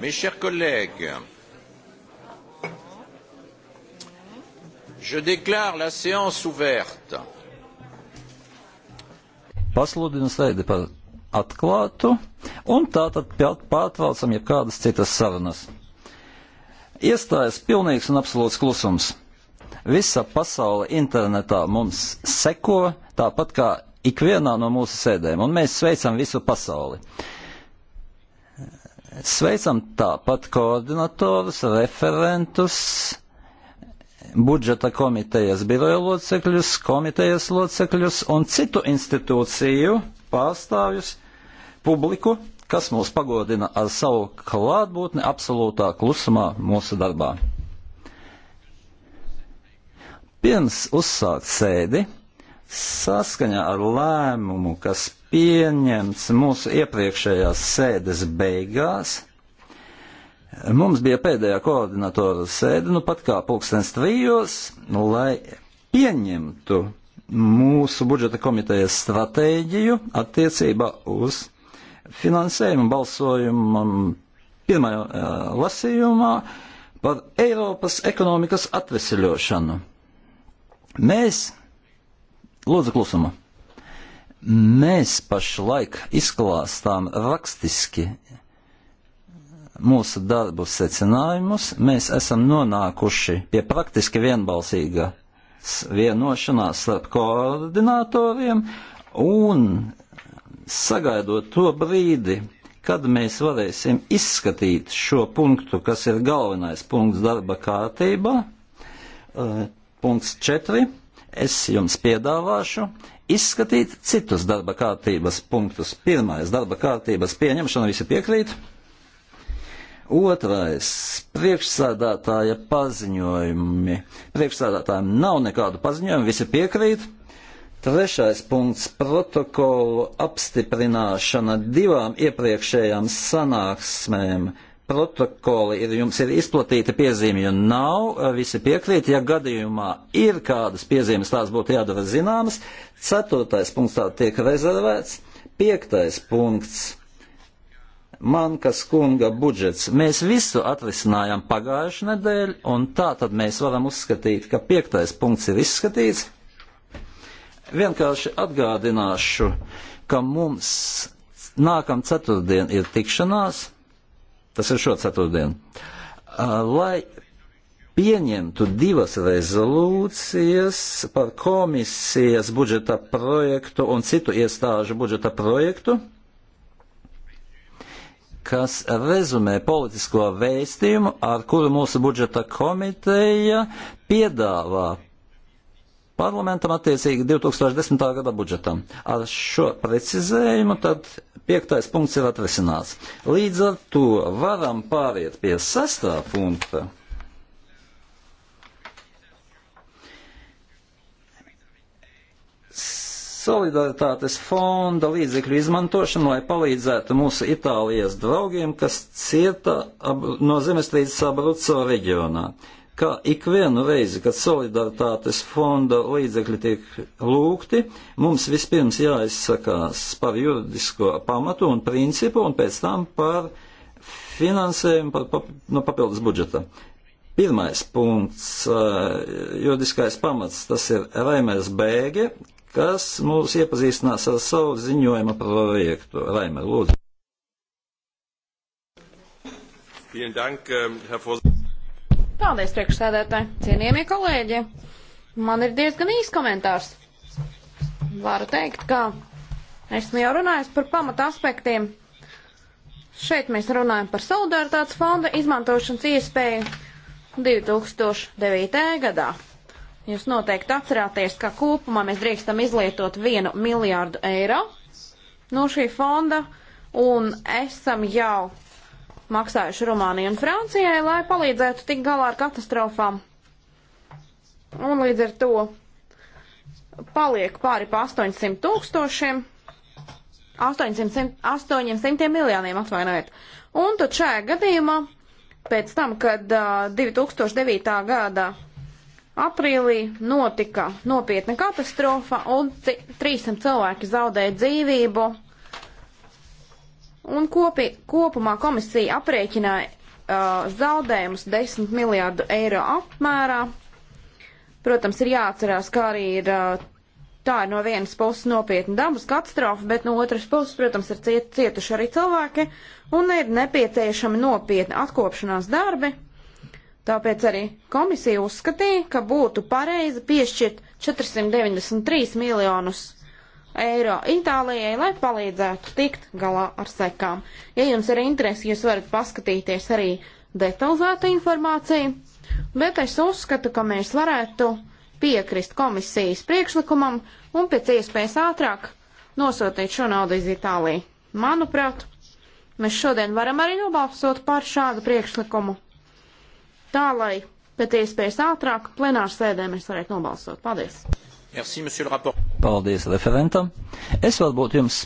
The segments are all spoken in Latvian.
Mes chers collègues, je déclare la séance ouverte. Pasludinu sēdi par atklātu, un tātad pārtraucam jebkādas citas sarunas. Iestājas pilnīgs un absolūts klusums. Visa pasaule internetā mums seko, tāpat kā ikvienā no mūsu sēdēm, un mēs sveicam visu pasauli. Sveicam tāpat koordinatorus, referentus, budžeta komitejas biroja locekļus, komitejas locekļus un citu institūciju pārstāvjus, publiku, kas mūs pagodina ar savu klātbūtni absolūtā klusumā mūsu darbā. Pirms uzsākt sēdi Saskaņā ar lēmumu, kas pieņemts mūsu iepriekšējās sēdes beigās, mums bija pēdējā koordinatora sēde, nu pat kā pulkstens trijos, lai pieņemtu mūsu budžeta komitejas stratēģiju attiecībā uz finansējumu balsojumam pirmajā lasījumā par Eiropas ekonomikas atveseļošanu. Mēs Lūdzu, klusuma. Mēs pašlaik izklāstām rakstiski mūsu darbu secinājumus. Mēs esam nonākuši pie praktiski vienbalsīga vienošanās starp koordinatoriem un sagaidot to brīdi, kad mēs varēsim izskatīt šo punktu, kas ir galvenais punkts darba kārtībā, eh, punkts 4 es jums piedāvāšu izskatīt citus darba kārtības punktus. Pirmais - darba kārtības pieņemšana, visi piekrīt. Otrais - priekšsādātāja paziņojumi. Priekšsādātājiem nav nekādu paziņojumu, visi piekrīt. Trešais punkts - protokolu apstiprināšana divām iepriekšējām sanāksmēm protokoli ir, jums ir izplatīta piezīmju nav, eh, visi piekrīt, ja gadījumā ir kādas piezīmes, tās būtu jādara zināmas. Ceturtais punkts tā tiek rezervēts. Piektais punkts. Mankas kunga budžets. Mēs visu atrisinājām pagājušu nedēļu, un tā tad mēs varam uzskatīt, ka piektais punkts ir izskatīts. Vienkārši atgādināšu, ka mums nākam ceturtdien ir tikšanās Tas ir šo ceturtdienu. Uh, lai pieņemtu divas rezolūcijas par komisijas budžeta projektu un citu iestāžu budžeta projektu, kas rezumē politisko vēstījumu, ar kuru mūsu budžeta komiteja piedāvā parlamentam attiecīgi 2010. gada budžetam. Ar šo precizējumu tad Piektais punkts ir atrisināts. Līdz ar to varam pāriet pie sastā punkta. solidaritātes fonda līdzekļu izmantošanu, lai palīdzētu mūsu Itālijas draugiem, kas cieta no zemestrīces Abruco reģionā ka ikvienu reizi, kad solidaritātes fonda līdzekļi tiek lūgti, mums vispirms jāizsakās par juridisko pamatu un principu un pēc tam par finansējumu par, par, no papildus budžeta. Pirmais punkts, eh, juridiskais pamats, tas ir Raimers Bēge, kas mūs iepazīstinās ar savu ziņojuma projektu. Raimer, lūdzu. Vielen Dank, ähm, Herr Vorsitzender. Paldies, priekšsēdētāji. Cienījamie kolēģi, man ir diezgan īs komentārs. Varu teikt, ka esmu jau runājis par pamata aspektiem. Šeit mēs runājam par solidaritātes fonda izmantošanas iespēju 2009. gadā. Jūs noteikti atcerāties, ka kopumā mēs drīkstam izlietot vienu miljārdu eiro no šī fonda, un esam jau maksājuši Rumānijai un Francijai, lai palīdzētu tik galā ar katastrofām. Un līdz ar to paliek pāri pa 800 tūkstošiem, 800, 800 miljoniem atvainojiet. Un tad šajā gadījumā, pēc tam, kad uh, 2009. gada aprīlī notika nopietna katastrofa un 300 cilvēki zaudēja dzīvību, un kopi, kopumā komisija aprēķināja uh, zaudējumus 10 miljārdu eiro apmērā. Protams, ir jāatcerās, kā arī ir uh, tā ir no vienas puses nopietna dabas katastrofa, bet no otras puses, protams, ir ciet, cietuši arī cilvēki un ir nepieciešami nopietni atkopšanās darbi. Tāpēc arī komisija uzskatīja, ka būtu pareizi piešķirt 493 miljonus eiro Itālijai, lai palīdzētu tikt galā ar sekām. Ja jums ir interesi, jūs varat paskatīties arī detalizētu informāciju, bet es uzskatu, ka mēs varētu piekrist komisijas priekšlikumam un pēc iespējas ātrāk nosūtīt šo naudu iz Itāliju. Manuprāt, mēs šodien varam arī nobalsot par šādu priekšlikumu. Tā lai pēc iespējas ātrāk plenārsēdē mēs varētu nobalsot. Paldies! Merci, Paldies referentam. Es varbūt jums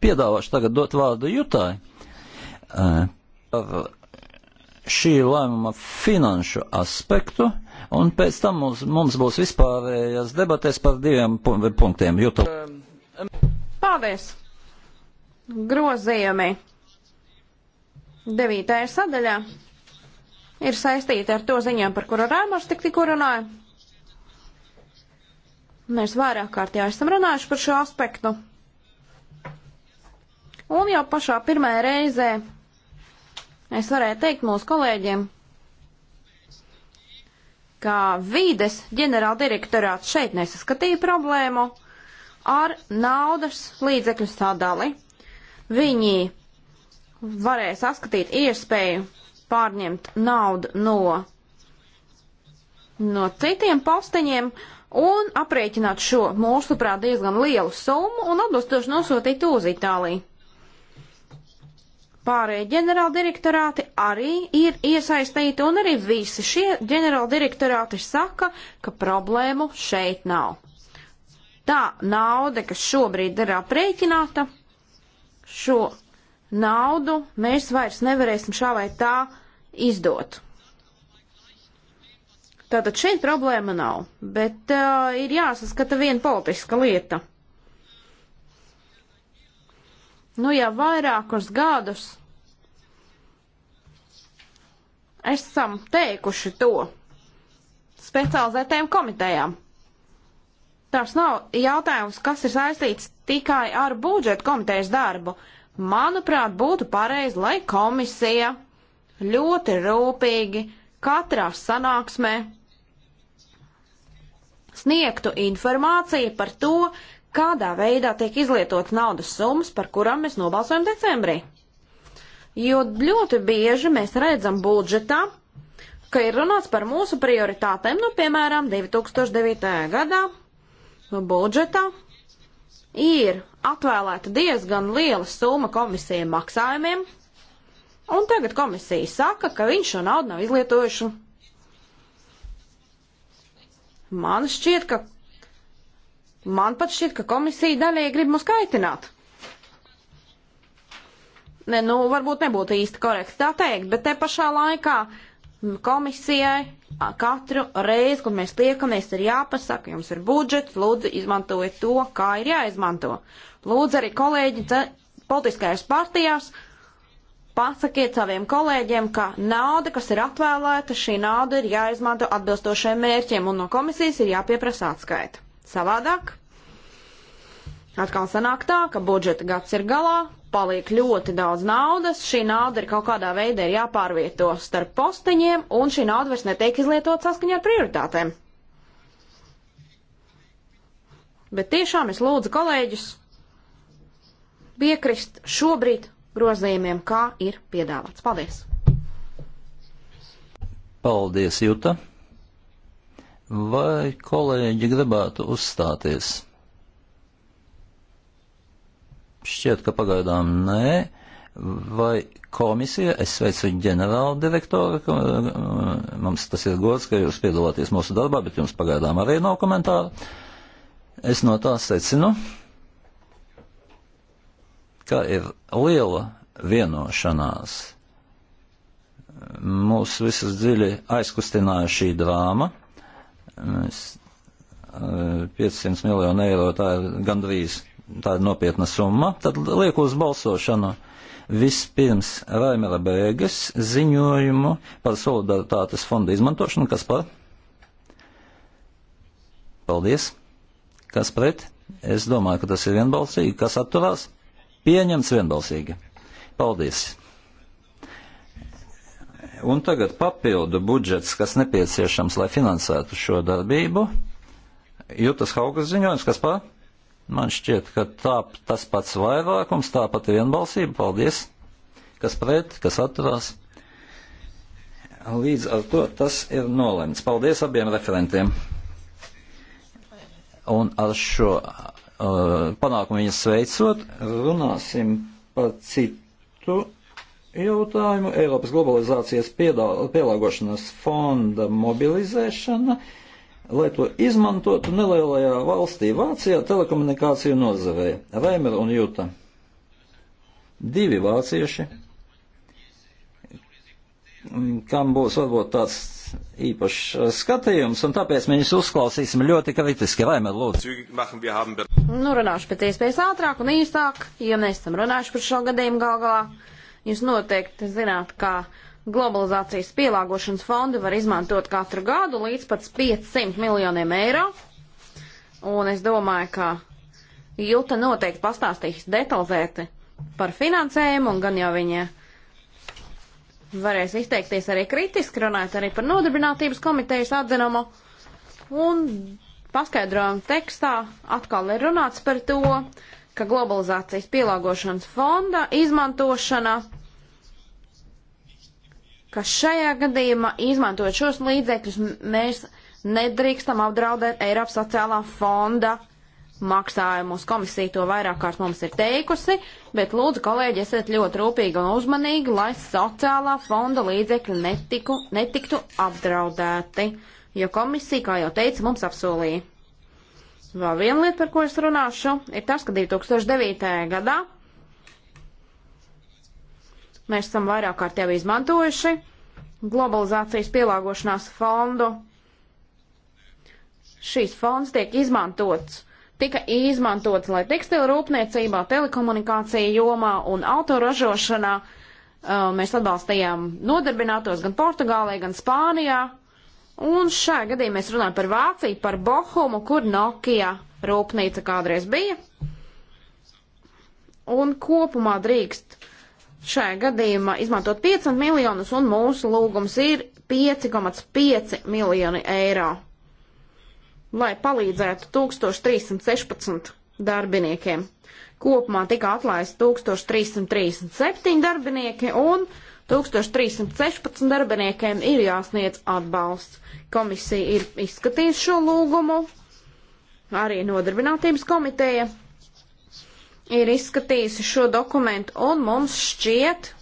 piedāvāšu tagad dot vārdu Jutai eh, par šī lēmuma finanšu aspektu, un pēc tam mums, mums būs vispārējās debatēs par diviem punktiem. Juta. Paldies! Grozījumi devītajā sadaļā ir saistīti ar to ziņām, par kuru Rēmārs tik tikko runāja. Mēs vairāk kārt jau esam runājuši par šo aspektu. Un jau pašā pirmajā reizē es varēju teikt mūsu kolēģiem, ka vīdes ģenerāldirektorāts šeit nesaskatīja problēmu ar naudas līdzekļu sadali. Viņi varēja saskatīt iespēju pārņemt naudu no, no citiem posteņiem, uh, un aprēķināt šo, mūsuprāt, diezgan lielu summu un atbilstoši nosūtīt uz Itāliju. Pārējie ģenerāldirektorāti arī ir iesaistīti, un arī visi šie ģenerāldirektorāti saka, ka problēmu šeit nav. Tā nauda, kas šobrīd ir aprēķināta, šo naudu mēs vairs nevarēsim šā vai tā izdot. Tātad šeit problēma nav, bet uh, ir jāsaskata viena politiska lieta. Nu, jau vairākus gadus esam teikuši to specializētajām komitejām. Tas nav jautājums, kas ir saistīts tikai ar budžeta komitejas darbu. Manuprāt, būtu pareizi, lai komisija ļoti rūpīgi katrā sanāksmē sniegtu informāciju par to, kādā veidā tiek izlietots naudas summas, par kurām mēs nobalsojam decembrī. Jo ļoti bieži mēs redzam budžetā, ka ir runāts par mūsu prioritātēm, nu, piemēram, 2009. gadā nu, budžetā ir atvēlēta diezgan liela summa komisija maksājumiem, Un tagad komisija saka, ka viņš šo naudu nav izlietojuši. Man šķiet, ka. Man pat šķiet, ka komisija daļai grib mūs kaitināt. Ne, nu, varbūt nebūtu īsti korekti tā teikt, bet te pašā laikā komisijai katru reizi, kad mēs tiekamies, ir jāpasaka, jums ir budžets, lūdzu izmantojiet to, kā ir jāizmanto. Lūdzu arī kolēģi politiskajās partijās pasakiet saviem kolēģiem, ka nauda, kas ir atvēlēta, šī nauda ir jāizmanto atbilstošiem mērķiem un no komisijas ir jāpieprasa atskaita. Savādāk atkal sanāk tā, ka budžeta gads ir galā, paliek ļoti daudz naudas, šī nauda ir kaut kādā veidā ir jāpārvieto starp posteņiem un šī nauda vairs netiek izlietot saskaņā ar prioritātēm. Bet tiešām es lūdzu kolēģus piekrist šobrīd grozījumiem, kā ir piedāvāts. Paldies! Paldies, Juta! Vai kolēģi gribētu uzstāties? Šķiet, ka pagaidām nē. Vai komisija, es sveicu ģenerālu direktoru, eh, mums tas ir gods, ka jūs piedalāties mūsu darbā, bet jums pagaidām arī nav komentāru. Es no tā secinu, ka ir liela vienošanās. Mūs visus dziļi aizkustināja šī drāma. Mēs 500 eh, miljonu eiro, tā ir gandrīz tā ir nopietna summa, tad liek uz balsošanu vispirms Raimera Bēgas ziņojumu par solidaritātes fonda izmantošanu, kas par? Paldies. Kas pret? Es domāju, ka tas ir vienbalsīgi. Kas atturās? Pieņemts vienbalsīgi. Paldies! Un tagad papildu budžets, kas nepieciešams, lai finansētu šo darbību. Jūtas Haugas ziņojums, kas pār? Man šķiet, ka tā, tas pats vairākums, tā pati vienbalsība, paldies, kas pret, kas atturās. Līdz ar to tas ir nolemts. Paldies abiem referentiem. Un ar šo Uh, panākumu viņas veicot. Runāsim par citu jautājumu. Eiropas globalizācijas pielāgošanas fonda mobilizēšana, lai to izmantotu nelielajā valstī Vācijā telekomunikāciju nozarē. Reimer un Jūta. Divi vācieši, kam būs varbūt tāds īpašs uh, skatījums, un tāpēc mēs viņus uzklausīsim ļoti kritiski. Vai man lūdzu? Nu, runāšu pēc iespējas ātrāk un īsāk, jo mēs esam runājuši par šo gadījumu gal galā. Jūs noteikti zināt, ka globalizācijas pielāgošanas fondu var izmantot katru gadu līdz pat 500 miljoniem eiro. Un es domāju, ka Jūta noteikti pastāstīs detalizēti par finansējumu, un gan jau viņa varēs izteikties arī kritiski, runājot arī par nodarbinātības komitejas atzinumu. Un paskaidrojuma tekstā atkal ir runāts par to, ka globalizācijas pielāgošanas fonda izmantošana, ka šajā gadījumā izmantojot šos līdzekļus, mēs nedrīkstam apdraudēt Eiropas sociālā fonda maksājumus. Komisija to vairāk kārt mums ir teikusi, bet lūdzu, kolēģi, esiet ļoti rūpīgi un uzmanīgi, lai sociālā fonda līdzekļi netiku, netiktu apdraudēti, jo komisija, kā jau teica, mums apsolīja. Vēl viena lieta, par ko es runāšu, ir tas, ka 2009. gadā mēs esam vairāk kārt jau izmantojuši globalizācijas pielāgošanās fondu. Šīs fonds tiek izmantots tika izmantots, lai tekstila rūpniecībā, telekomunikācija jomā un autoražošanā uh, mēs atbalstījām nodarbinātos gan Portugālē, gan Spānijā. Un šajā gadījumā mēs runājam par Vāciju, par Bohumu, kur Nokia rūpnīca kādreiz bija. Un kopumā drīkst šajā gadījumā izmantot 500 miljonus, un mūsu lūgums ir 5,5 miljoni eiro lai palīdzētu 1316 darbiniekiem. Kopumā tika atlaisti 1337 darbinieki un 1316 darbiniekiem ir jāsniedz atbalsts. Komisija ir izskatījusi šo lūgumu, arī nodarbinātības komiteja ir izskatījusi šo dokumentu un mums šķiet,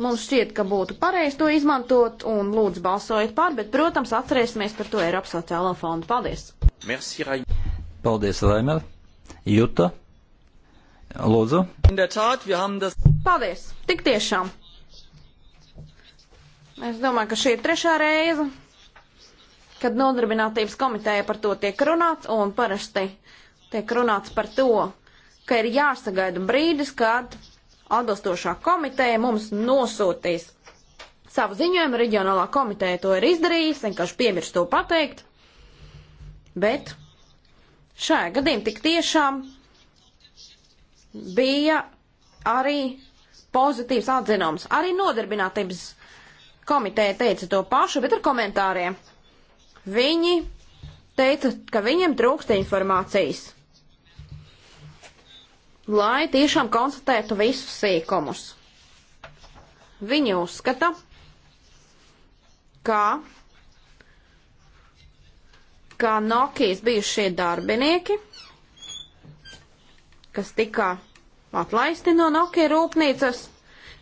Mums šķiet, ka būtu pareizi to izmantot un lūdzu balsojiet pār, bet, protams, atcerēsimies par to Eiropas sociālo fondu. Paldies! Merci, Rai. Paldies, Raimer! Juta! Lūdzu! Tat, das... Paldies! Tik tiešām! Es domāju, ka šī ir trešā reize, kad nodarbinātības komiteja par to tiek runāts un parasti tiek runāts par to, ka ir jāsagaida brīdis, kad atbilstošā komiteja mums nosūtīs savu ziņojumu. Reģionālā komiteja to ir izdarījusi, vienkārši piemirst to pateikt. Bet šajā gadījumā tik tiešām bija arī pozitīvs atzinums. Arī nodarbinātības komiteja teica to pašu, bet ar komentāriem. Viņi teica, ka viņiem trūksta informācijas lai tiešām konstatētu visus sīkumus. Viņi uzskata, ka, ka Nokijas bijušie darbinieki, kas tika atlaisti no Nokija rūpnīcas,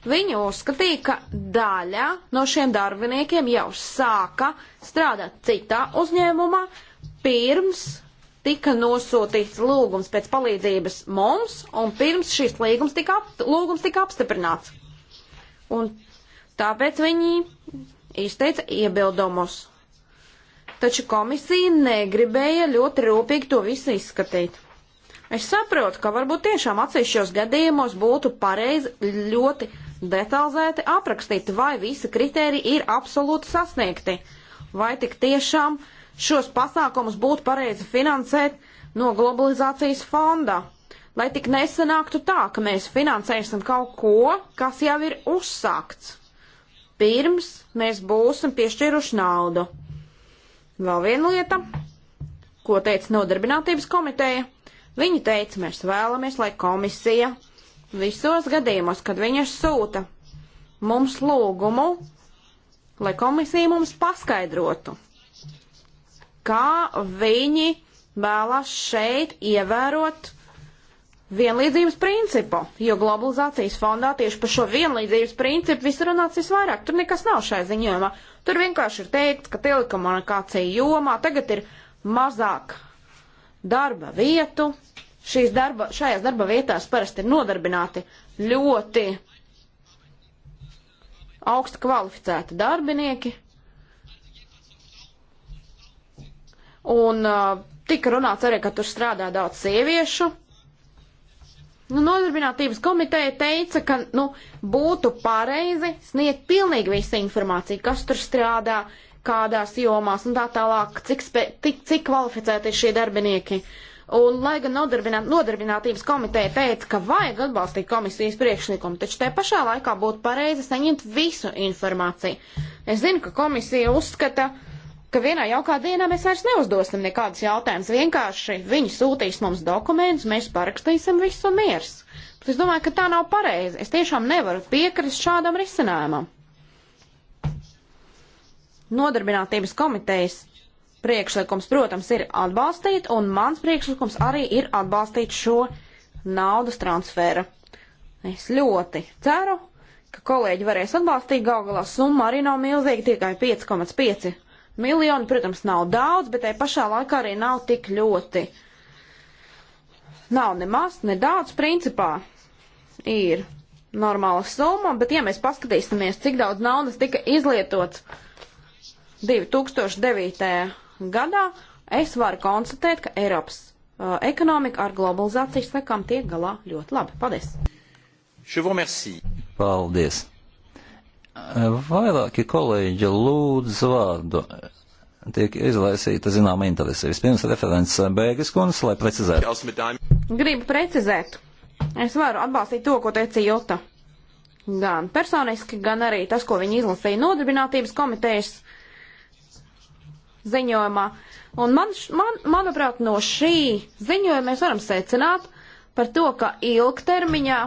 Viņi uzskatīja, ka daļa no šiem darbiniekiem jau sāka strādāt citā uzņēmumā pirms tika nosūtīts lūgums pēc palīdzības mums, un pirms šis līgums tika, ap, lūgums tika apstiprināts. Un tāpēc viņi izteica iebildumus. Taču komisija negribēja ļoti rūpīgi to visu izskatīt. Es saprotu, ka varbūt tiešām atsevišķos gadījumos būtu pareizi ļoti detalizēti aprakstīt, vai visi kriteriji ir absolūti sasniegti, vai tik tiešām uh, šos pasākumus būtu pareizi finansēt no globalizācijas fonda. Lai tik nesanāktu tā, ka mēs finansēsim kaut ko, kas jau ir uzsākts, pirms mēs būsim piešķiruši naudu. Vēl viena lieta, ko teica Nodarbinātības komiteja. Viņa teica, mēs vēlamies, lai komisija visos gadījumos, kad viņa sūta mums lūgumu, lai komisija mums paskaidrotu, kā viņi vēlas šeit ievērot vienlīdzības principu, jo globalizācijas fondā tieši par šo vienlīdzības principu viss runāts visvairāk. Tur nekas nav šai ziņojumā. Tur vienkārši ir teikts, ka telekomunikācija jomā tagad ir mazāk darba vietu. Šīs darba, šajās darba vietās parasti ir nodarbināti ļoti augsta kvalificēti darbinieki, Un uh, tika runāts arī, ka tur strādā daudz sieviešu. Nu, nodarbinātības komiteja teica, ka nu, būtu pareizi sniegt pilnīgi visu informāciju, kas tur strādā, kādās jomās un tā tālāk, cik, spē, cik, cik kvalificēti ir šie darbinieki. Un, lai gan nodarbināt, nodarbinātības komiteja teica, ka vajag atbalstīt komisijas priekšlikumu, taču te pašā laikā būtu pareizi saņemt visu informāciju. Es zinu, ka komisija uzskata, uh, ka vienā jaukā dienā mēs vairs neuzdosim nekādus jautājumus. Vienkārši viņi sūtīs mums dokumentus, mēs parakstīsim visu miers. Bet es domāju, ka tā nav pareizi. Es tiešām nevaru piekrist šādam risinājumam. Nodarbinātības komitejas priekšlikums, protams, ir atbalstīt, un mans priekšlikums arī ir atbalstīt šo naudas transferu. Es ļoti ceru, ka kolēģi varēs atbalstīt, gal galā summa arī nav milzīga, tikai 5,5 Miljoni, protams, nav daudz, bet tai pašā laikā arī nav tik ļoti. Nav nemaz, nedaudz, principā ir normāla summa, bet ja mēs paskatīsimies, cik daudz naudas tika izlietots 2009. gadā, es varu konstatēt, ka Eiropas uh, ekonomika ar globalizācijas sekām tiek galā ļoti labi. Paldies! Paldies! Vairāki kolēģi lūdz vārdu. Tiek izlaisīta zināma interese. Vispirms referents Bēgas kundze, lai precizētu. Gribu precizēt. Es varu atbalstīt to, ko teica Jota. Gan personiski, gan arī tas, ko viņi izlasīja nodarbinātības komitejas ziņojumā. Un man, man, manuprāt, no šī ziņojuma mēs varam secināt par to, ka ilgtermiņā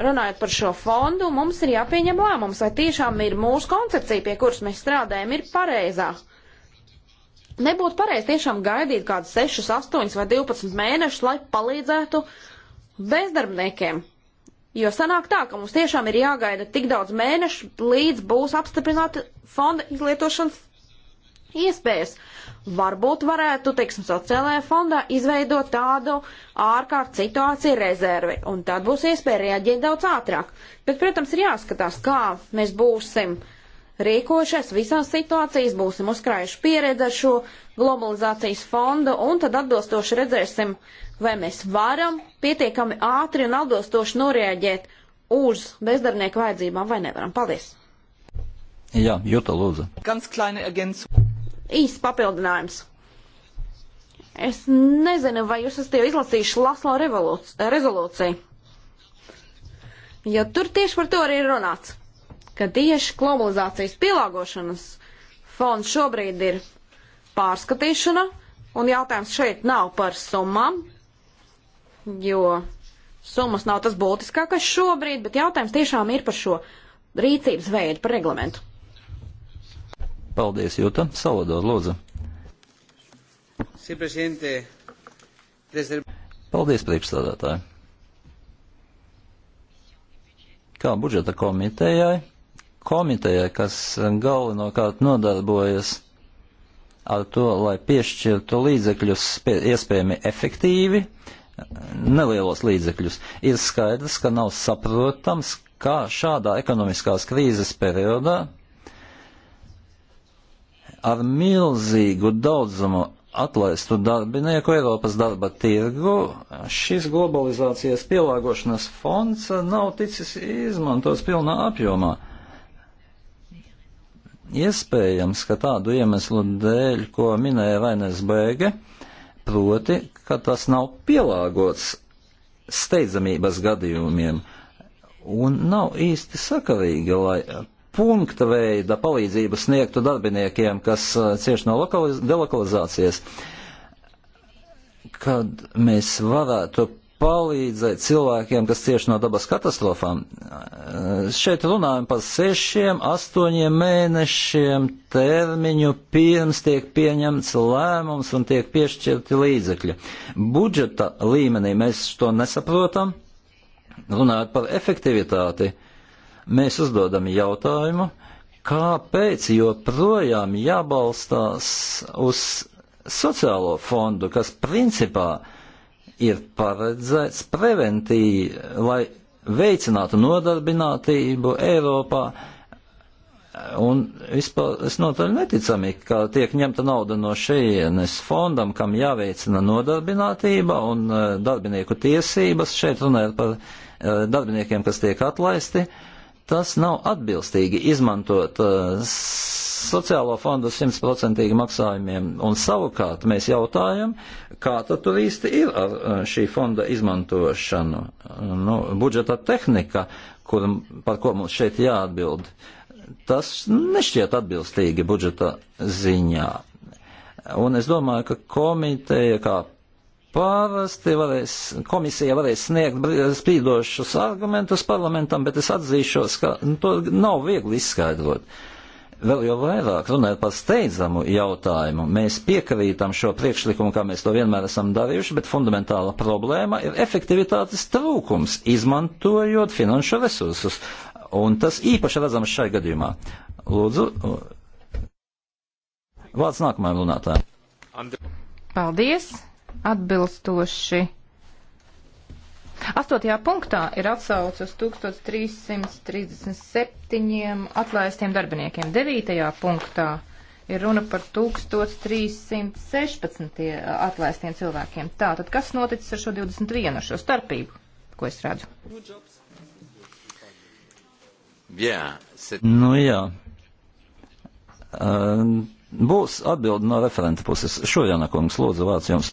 runājot par šo fondu, mums ir jāpieņem lēmums, vai tiešām ir mūsu koncepcija, pie kuras mēs strādājam, ir pareizā. Nebūtu pareizi tiešām gaidīt kādus 6, 8 vai 12 mēnešus, lai palīdzētu bezdarbniekiem. Jo sanāk tā, ka mums tiešām ir jāgaida tik daudz mēnešu, līdz būs apstiprināta fonda izlietošanas iespējas. Varbūt varētu, teiksim, sociālajā fondā izveidot tādu ārkārtas situāciju rezervi, un tad būs iespēja reaģēt daudz ātrāk. Bet, protams, ir jāskatās, kā mēs būsim rīkojušies visās situācijās, būsim uzkrājuši pieredzi ar šo globalizācijas fondu, un tad atbilstoši redzēsim, vai mēs varam pietiekami ātri un atbilstoši norēģēt uz bezdarbnieku vajadzībām vai nevaram. Paldies! Jā, Juta Lūdzu. Ganz kleine ergänzung īsts papildinājums. Es nezinu, vai jūs esat jau izlasījuši Laslo rezolūciju. Jo ja tur tieši par to arī ir runāts, ka tieši globalizācijas pielāgošanas fonds šobrīd ir pārskatīšana, un jautājums šeit nav par summām, jo summas nav tas būtiskākais šobrīd, bet jautājums tiešām ir par šo rīcības veidu, par reglamentu. Paldies, Jūta. Salvador, lūdzu. Paldies, priekšstādātāji. Kā budžeta komitejai, komitejai, kas galvenokārt nodarbojas ar to, lai piešķirtu līdzekļus iespējami efektīvi, nelielos līdzekļus, ir skaidrs, ka nav saprotams, kā šādā ekonomiskās krīzes periodā ar milzīgu daudzumu atlaistu darbinieku Eiropas darba tirgu, šis globalizācijas pielāgošanas fonds nav ticis izmantots pilnā apjomā. Iespējams, ka tādu iemeslu dēļ, ko minēja Vainers Bēge, proti, ka tas nav pielāgots steidzamības gadījumiem un nav īsti sakarīgi, lai punkta veida palīdzību sniegtu darbiniekiem, kas uh, cieš no delokalizācijas, kad mēs varētu palīdzēt cilvēkiem, kas cieši no dabas katastrofām. Uh, šeit runājam par sešiem, astoņiem mēnešiem termiņu pirms tiek pieņemts lēmums un tiek piešķirti līdzekļi. Budžeta līmenī mēs to nesaprotam. Runājot par efektivitāti, mēs uzdodam jautājumu, kāpēc joprojām jābalstās uz sociālo fondu, kas principā ir paredzēts preventīvi, lai veicinātu nodarbinātību Eiropā. Un vispār es notaļ neticami, ka tiek ņemta nauda no šejienes fondam, kam jāveicina nodarbinātība un eh, darbinieku tiesības. Šeit runājot par eh, darbiniekiem, kas tiek atlaisti. Uh, tas nav atbilstīgi izmantot uh, sociālo fondu simtprocentīgi maksājumiem. Un savukārt mēs jautājam, kā tad tur īsti ir ar uh, šī fonda izmantošanu. Nu, budžeta tehnika, kur, par ko mums šeit jāatbild, tas nešķiet atbilstīgi budžeta ziņā. Un es domāju, ka komiteja kā Parasti varēs, komisija varēs sniegt spīdošus argumentus parlamentam, bet es atzīšos, ka nu, to nav viegli izskaidrot. Vēl jau vairāk runājot par steidzamu jautājumu, mēs piekrītam šo priekšlikumu, kā mēs to vienmēr esam darījuši, bet fundamentāla problēma ir efektivitātes trūkums, izmantojot finanšu resursus. Un tas īpaši redzams šai gadījumā. Lūdzu, vārds nākamajam runātājam. Paldies! atbilstoši. Astotajā punktā ir atsauce uz 1337 atlaistiem darbiniekiem. Devītajā punktā ir runa par 1316 atlaistiem cilvēkiem. Tā, tad kas noticis ar šo 21, ar šo starpību, ko es redzu? Yeah, nu jā. Uh, būs atbildi no referenta puses. Šurjana kungs, lūdzu, vārds jums.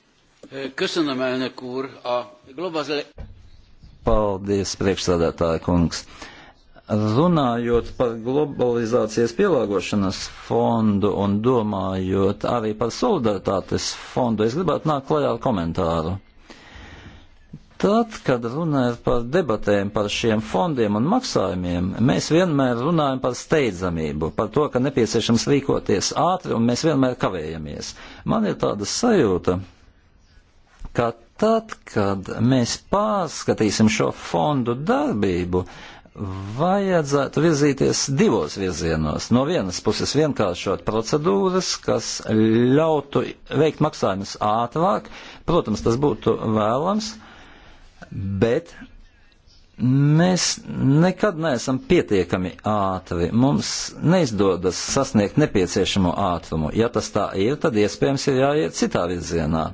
Köszönöm, elnök úr, a globalizācija. Paldies, priekšsādātāja kungs. Runājot par globalizācijas pielāgošanas fondu un domājot arī par solidaritātes fondu, es gribētu nākt klajā ar komentāru. Tad, kad runājam par debatēm par šiem fondiem un maksājumiem, mēs vienmēr runājam par steidzamību, par to, ka nepieciešams rīkoties ātri un mēs vienmēr kavējamies. Man ir tāda sajūta, ka tad, kad mēs pārskatīsim šo fondu darbību, vajadzētu virzīties divos virzienos. No vienas puses vienkāršot procedūras, kas ļautu veikt maksājumus ātrāk, protams, tas būtu vēlams, bet mēs nekad neesam pietiekami ātri. Mums neizdodas sasniegt nepieciešamo ātrumu. Ja tas tā ir, tad iespējams ir jāiet citā virzienā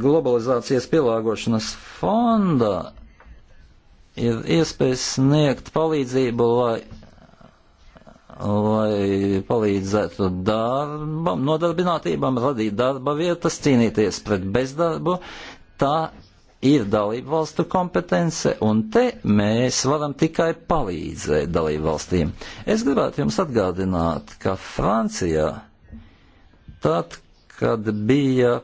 globalizācijas pielāgošanas fonda ir iespējas sniegt palīdzību, lai, lai palīdzētu darbam, nodarbinātībām, radīt darba vietas, cīnīties pret bezdarbu. Tā ir dalību valstu kompetence, un te mēs varam tikai palīdzēt dalību valstīm. Es gribētu jums atgādināt, ka Francijā tad, kad bija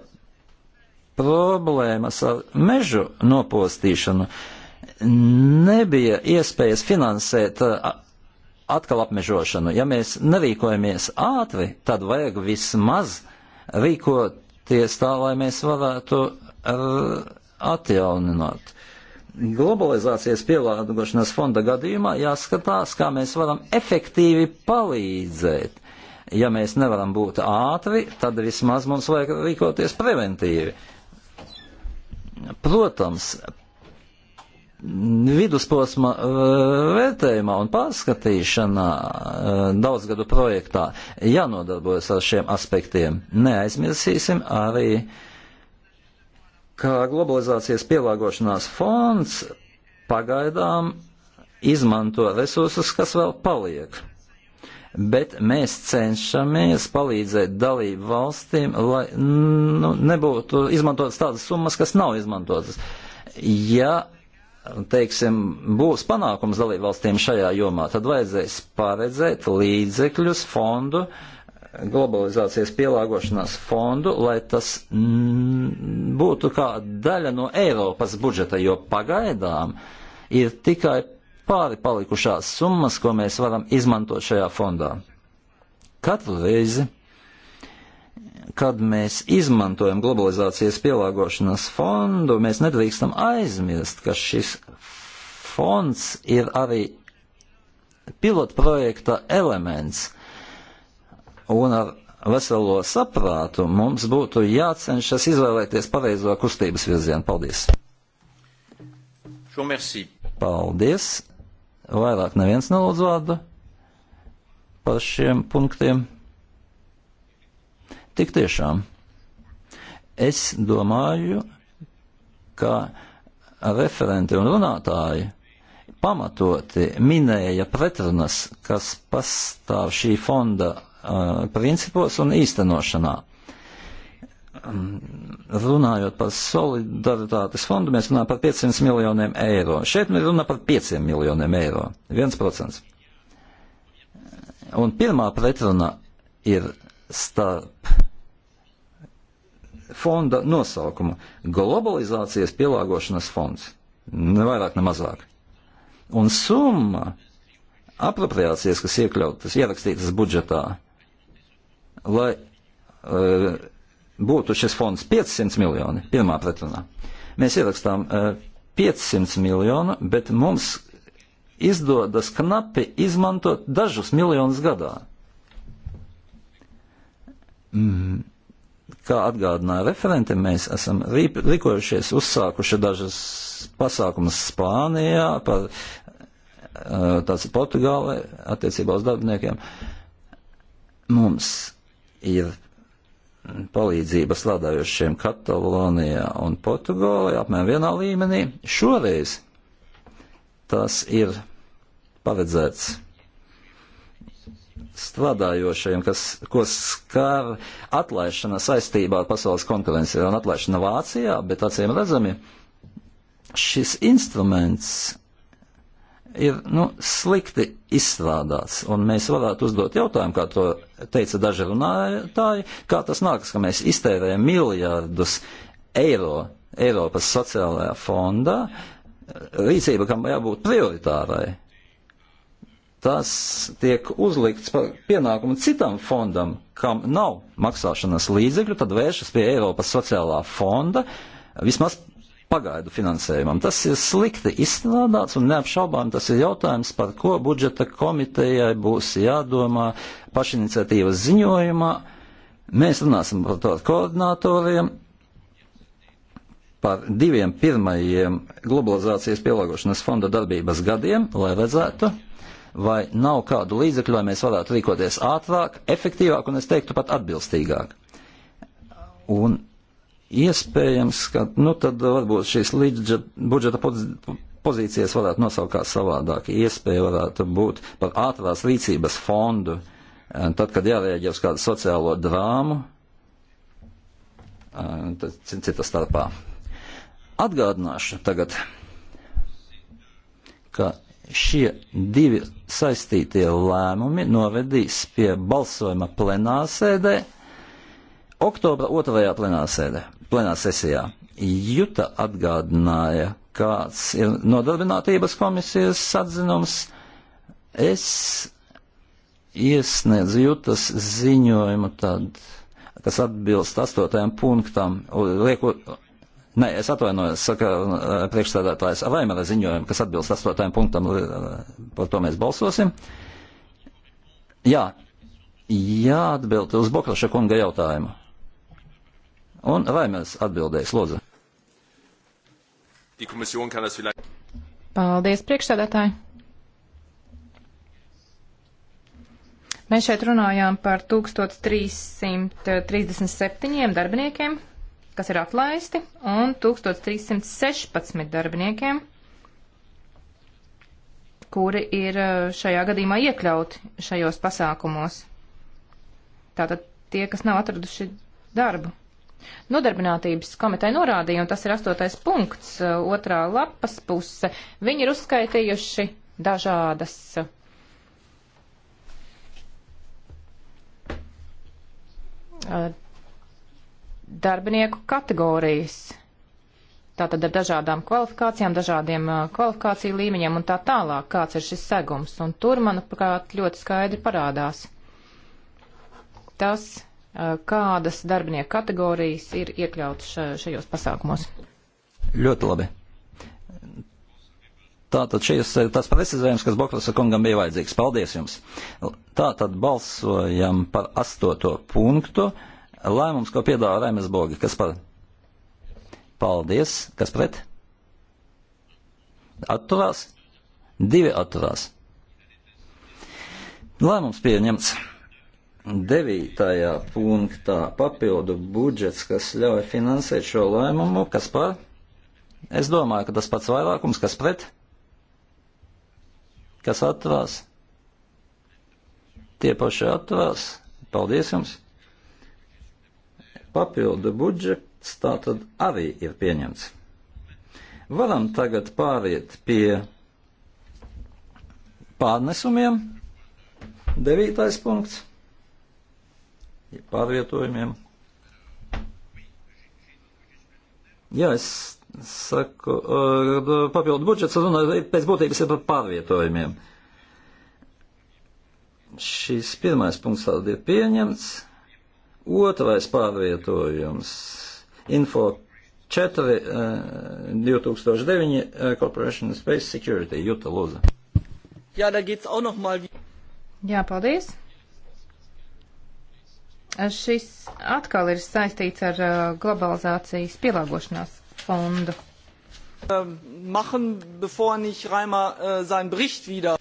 problēmas ar mežu nopostīšanu, nebija iespējas finansēt atkal apmežošanu. Ja mēs nerīkojamies ātri, tad vajag vismaz rīkoties tā, lai mēs varētu atjaunināt. Globalizācijas pielāgošanās fonda gadījumā jāskatās, kā mēs varam efektīvi palīdzēt. Ja mēs nevaram būt ātri, tad vismaz mums vajag rīkoties preventīvi. Uh, Protams, vidusposma eh, vērtējumā un pārskatīšanā eh, daudzgadu projektā jānodarbojas ar šiem aspektiem. Neaizmirsīsim arī, ka globalizācijas pielāgošanās fonds pagaidām izmanto resursus, kas vēl paliek bet mēs cenšamies palīdzēt dalību valstīm, lai nu, nebūtu izmantotas tādas summas, kas nav izmantotas. Ja teiksim, būs panākums dalību valstīm šajā jomā, tad vajadzēs paredzēt līdzekļus fondu, globalizācijas pielāgošanās fondu, lai tas mm, būtu kā daļa no Eiropas budžeta, jo pagaidām ir tikai pāri palikušās summas, ko mēs varam izmantot šajā fondā. Katru reizi, kad mēs izmantojam globalizācijas pielāgošanas fondu, mēs nedrīkstam aizmirst, ka šis fonds ir arī pilotprojekta elements. Un ar veselo saprātu mums būtu jācenšas izvēlēties pareizo kustības virzienu. Paldies! Paldies! Vairāk neviens nelūdz vārdu par šiem punktiem. Tik tiešām. Es domāju, ka referenti un runātāji pamatoti minēja pretrunas, kas pastāv šī fonda uh, principos un īstenošanā. Uh, Um, runājot par solidaritātes fondu, mēs runājam par 500 miljoniem eiro. Šeit mēs runājam par 5 miljoniem eiro. 1%. Un pirmā pretruna ir starp fonda nosaukumu - globalizācijas pielāgošanas fonds. Ne vairāk, ne mazāk. Un summa apropriācijas, kas iekļautas, ierakstītas budžetā, lai uh, būtu šis fonds 500 miljoni, pirmā pretrunā. Mēs ierakstām 500 eh, miljonu, bet mums izdodas knapi izmantot dažus miljonus gadā. Mm. Kā atgādināja referente, mēs esam rīkojušies, uzsākuši dažas pasākumas Spānijā par eh, tāds Portugāle attiecībā uz darbiniekiem. Mums ir palīdzība slādājošiem Katalonijā un Portugālē apmēram vienā līmenī. Šoreiz tas ir paredzēts strādājošajiem, kas, ko skar atlaišana saistībā ar pasaules konkurenci un atlaišana Vācijā, bet acīm redzami šis instruments ir nu, slikti izstrādāts. Un mēs varētu uzdot jautājumu, kā to teica daži runātāji, kā tas nāks, ka mēs iztērējam miljārdus eiro Eiropas sociālajā fondā, rīcība, kam jābūt prioritārai. Tas tiek uzlikts par pienākumu citam fondam, kam nav maksāšanas līdzekļu, tad vēršas pie Eiropas sociālā fonda, vismaz pagaidu finansējumam. Tas ir slikti izstrādāts un neapšaubām tas ir jautājums, par ko budžeta komitejai būs jādomā pašiniciatīvas ziņojumā. Mēs runāsim par to ar koordinatoriem, par diviem pirmajiem globalizācijas pielāgošanas fonda darbības gadiem, lai redzētu, vai nav kādu līdzekļu, lai mēs varētu rīkoties ātrāk, efektīvāk un es teiktu pat atbilstīgāk. Un Iespējams, ka nu, tad varbūt šīs līdz budžeta pozīcijas varētu nosaukt kā savādāk. Iespēja varētu būt par ātrās rīcības fondu, tad, kad jārēģē uz kādu sociālo drāmu, cita starpā. Atgādināšu tagad, ka šie divi saistītie lēmumi novedīs pie balsojuma plenārsēdē, oktobra otrajā plenārsēdē plenārsesijā. Juta atgādināja, kāds ir nodarbinātības komisijas atzinums. Es iesniedzu Jutas ziņojumu tad, kas atbilst astotajam punktam, lieku, nē, es atvainojos, saka uh, priekšstādātājs Vaimara ziņojumu, kas atbilst astotajam punktam, uh, par to mēs balsosim. Jā, jāatbild uz Bokraša kunga jautājumu. Un Raimers atbildēs, lūdzu. Paldies, priekšsēdētāji. Mēs šeit runājām par 1337 darbiniekiem, kas ir atlaisti, un 1316 darbiniekiem, kuri ir eh, šajā gadījumā iekļauti šajos pasākumos. Tātad tie, kas nav atraduši darbu. Nodarbinātības komiteja norādīja, un tas ir astotais punkts, uh, otrā lapas puse, viņi ir uzskaitījuši dažādas uh, darbinieku kategorijas. Tātad ar dažādām kvalifikācijām, dažādiem uh, kvalifikāciju līmeņiem un tā tālāk, kāds ir šis segums. Un tur, manuprāt, ļoti skaidri parādās tas, kādas darbinieku kategorijas ir iekļautas šajos pasākumos. Ļoti labi. Tātad šis ir tas precizējums, kas Boklasa kungam bija vajadzīgs. Paldies jums. Tātad balsojam par astoto punktu. Lēmums, ko piedāvā Rēmas Bogi, kas par. Paldies. Kas pret? Atturās. Divi atturās. Lēmums pieņemts. Devītajā punktā papildu budžets, kas ļauj finansēt šo lēmumu, kas par? Es domāju, ka tas pats vairākums, kas pret? Kas atturās? Tie paši atturās. Paldies jums! Papildu budžets tātad arī ir pieņemts. Varam tagad pāriet pie pārnesumiem. Devītais punkts pārvietojumiem. Jā, es saku, uh, papildu budžets runa pēc būtības ir par pārvietojumiem. Šis pirmais punkts tātad ir pieņemts. Otrais pārvietojums. Info 4 2009 uh, uh, Corporation Space Security. Juta Lūza. Jā, da geht's auch noch mal. Jā, paldies. Šis atkal ir saistīts ar uh, globalizācijas pielāgošanās fondu. Ähm, machen, bevor nicht Reimer uh, seinen Bericht wieder.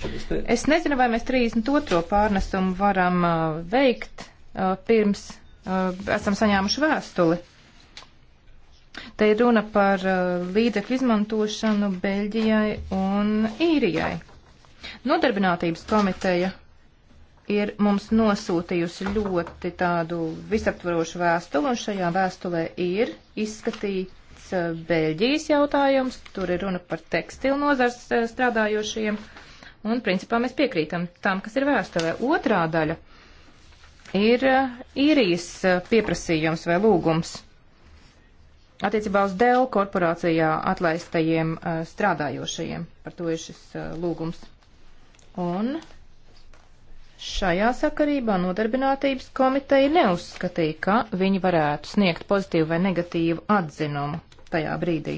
Es nezinu, vai mēs 32. pārnesumu varam uh, veikt uh, pirms uh, esam saņēmuši vēstuli. Te ir runa par uh, līdzekļu izmantošanu Beļģijai un Īrijai. Nodarbinātības komiteja ir mums nosūtījusi ļoti tādu visaptvarošu vēstuli, un šajā vēstulē ir izskatīts eh, Beļģijas jautājums, tur ir runa par tekstilu nozars eh, strādājošiem, un principā mēs piekrītam tam, kas ir vēstulē. Otrā daļa ir eh, īrijas pieprasījums vai lūgums attiecībā uz Dell korporācijā atlaistajiem strādājošajiem. Par to ir šis lūgums. Un Šajā sakarībā nodarbinātības komiteja neuzskatīja, ka viņi varētu sniegt pozitīvu vai negatīvu atzinumu tajā brīdī.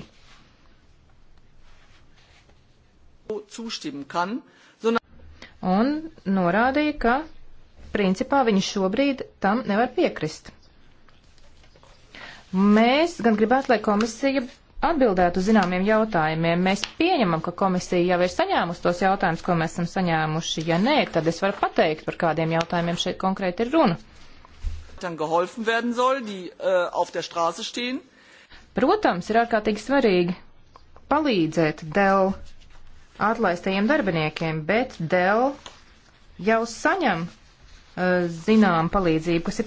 Un norādīja, ka principā viņi šobrīd tam nevar piekrist. Mēs gan gribētu, lai komisija atbildētu zināmiem jautājumiem. Mēs pieņemam, ka komisija jau ir saņēmusi tos jautājumus, ko mēs esam saņēmuši. Ja nē, tad es varu pateikt, par kādiem jautājumiem šeit konkrēti ir runa. Äh, Protams, ir ārkārtīgi svarīgi palīdzēt Dell atlaistajiem darbiniekiem, bet Dell jau saņem äh, zinām palīdzību, kas ir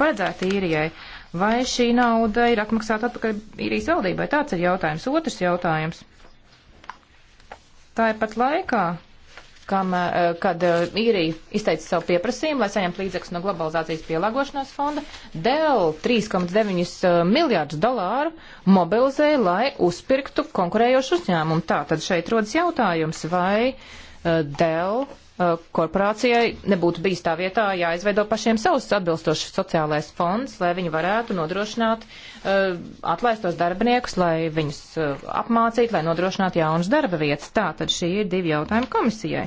paredzēta īrijai. Pa, Vai šī nauda ir atmaksāta atpakaļ īrijas valdībai? Tāds ir jautājums. Otrs jautājums. Tāpat laikā, kam, eh, kad eh, īrija izteica savu pieprasījumu, lai saņemtu līdzekļus no globalizācijas pielāgošanās fonda, Dell 3,9 eh, miljārdus dolāru mobilizēja, lai uzpirktu konkurējošu uzņēmumu. Tā tad šeit rodas jautājums, vai Dell Uh, korporācijai nebūtu bijis tā vietā jāizveido pašiem savus atbilstošus sociālais fonds, lai viņi varētu nodrošināt uh, atlaistos darbiniekus, lai viņus uh, apmācītu, lai nodrošinātu jaunas darba vietas. Tā tad šī ir divi jautājumi komisijai.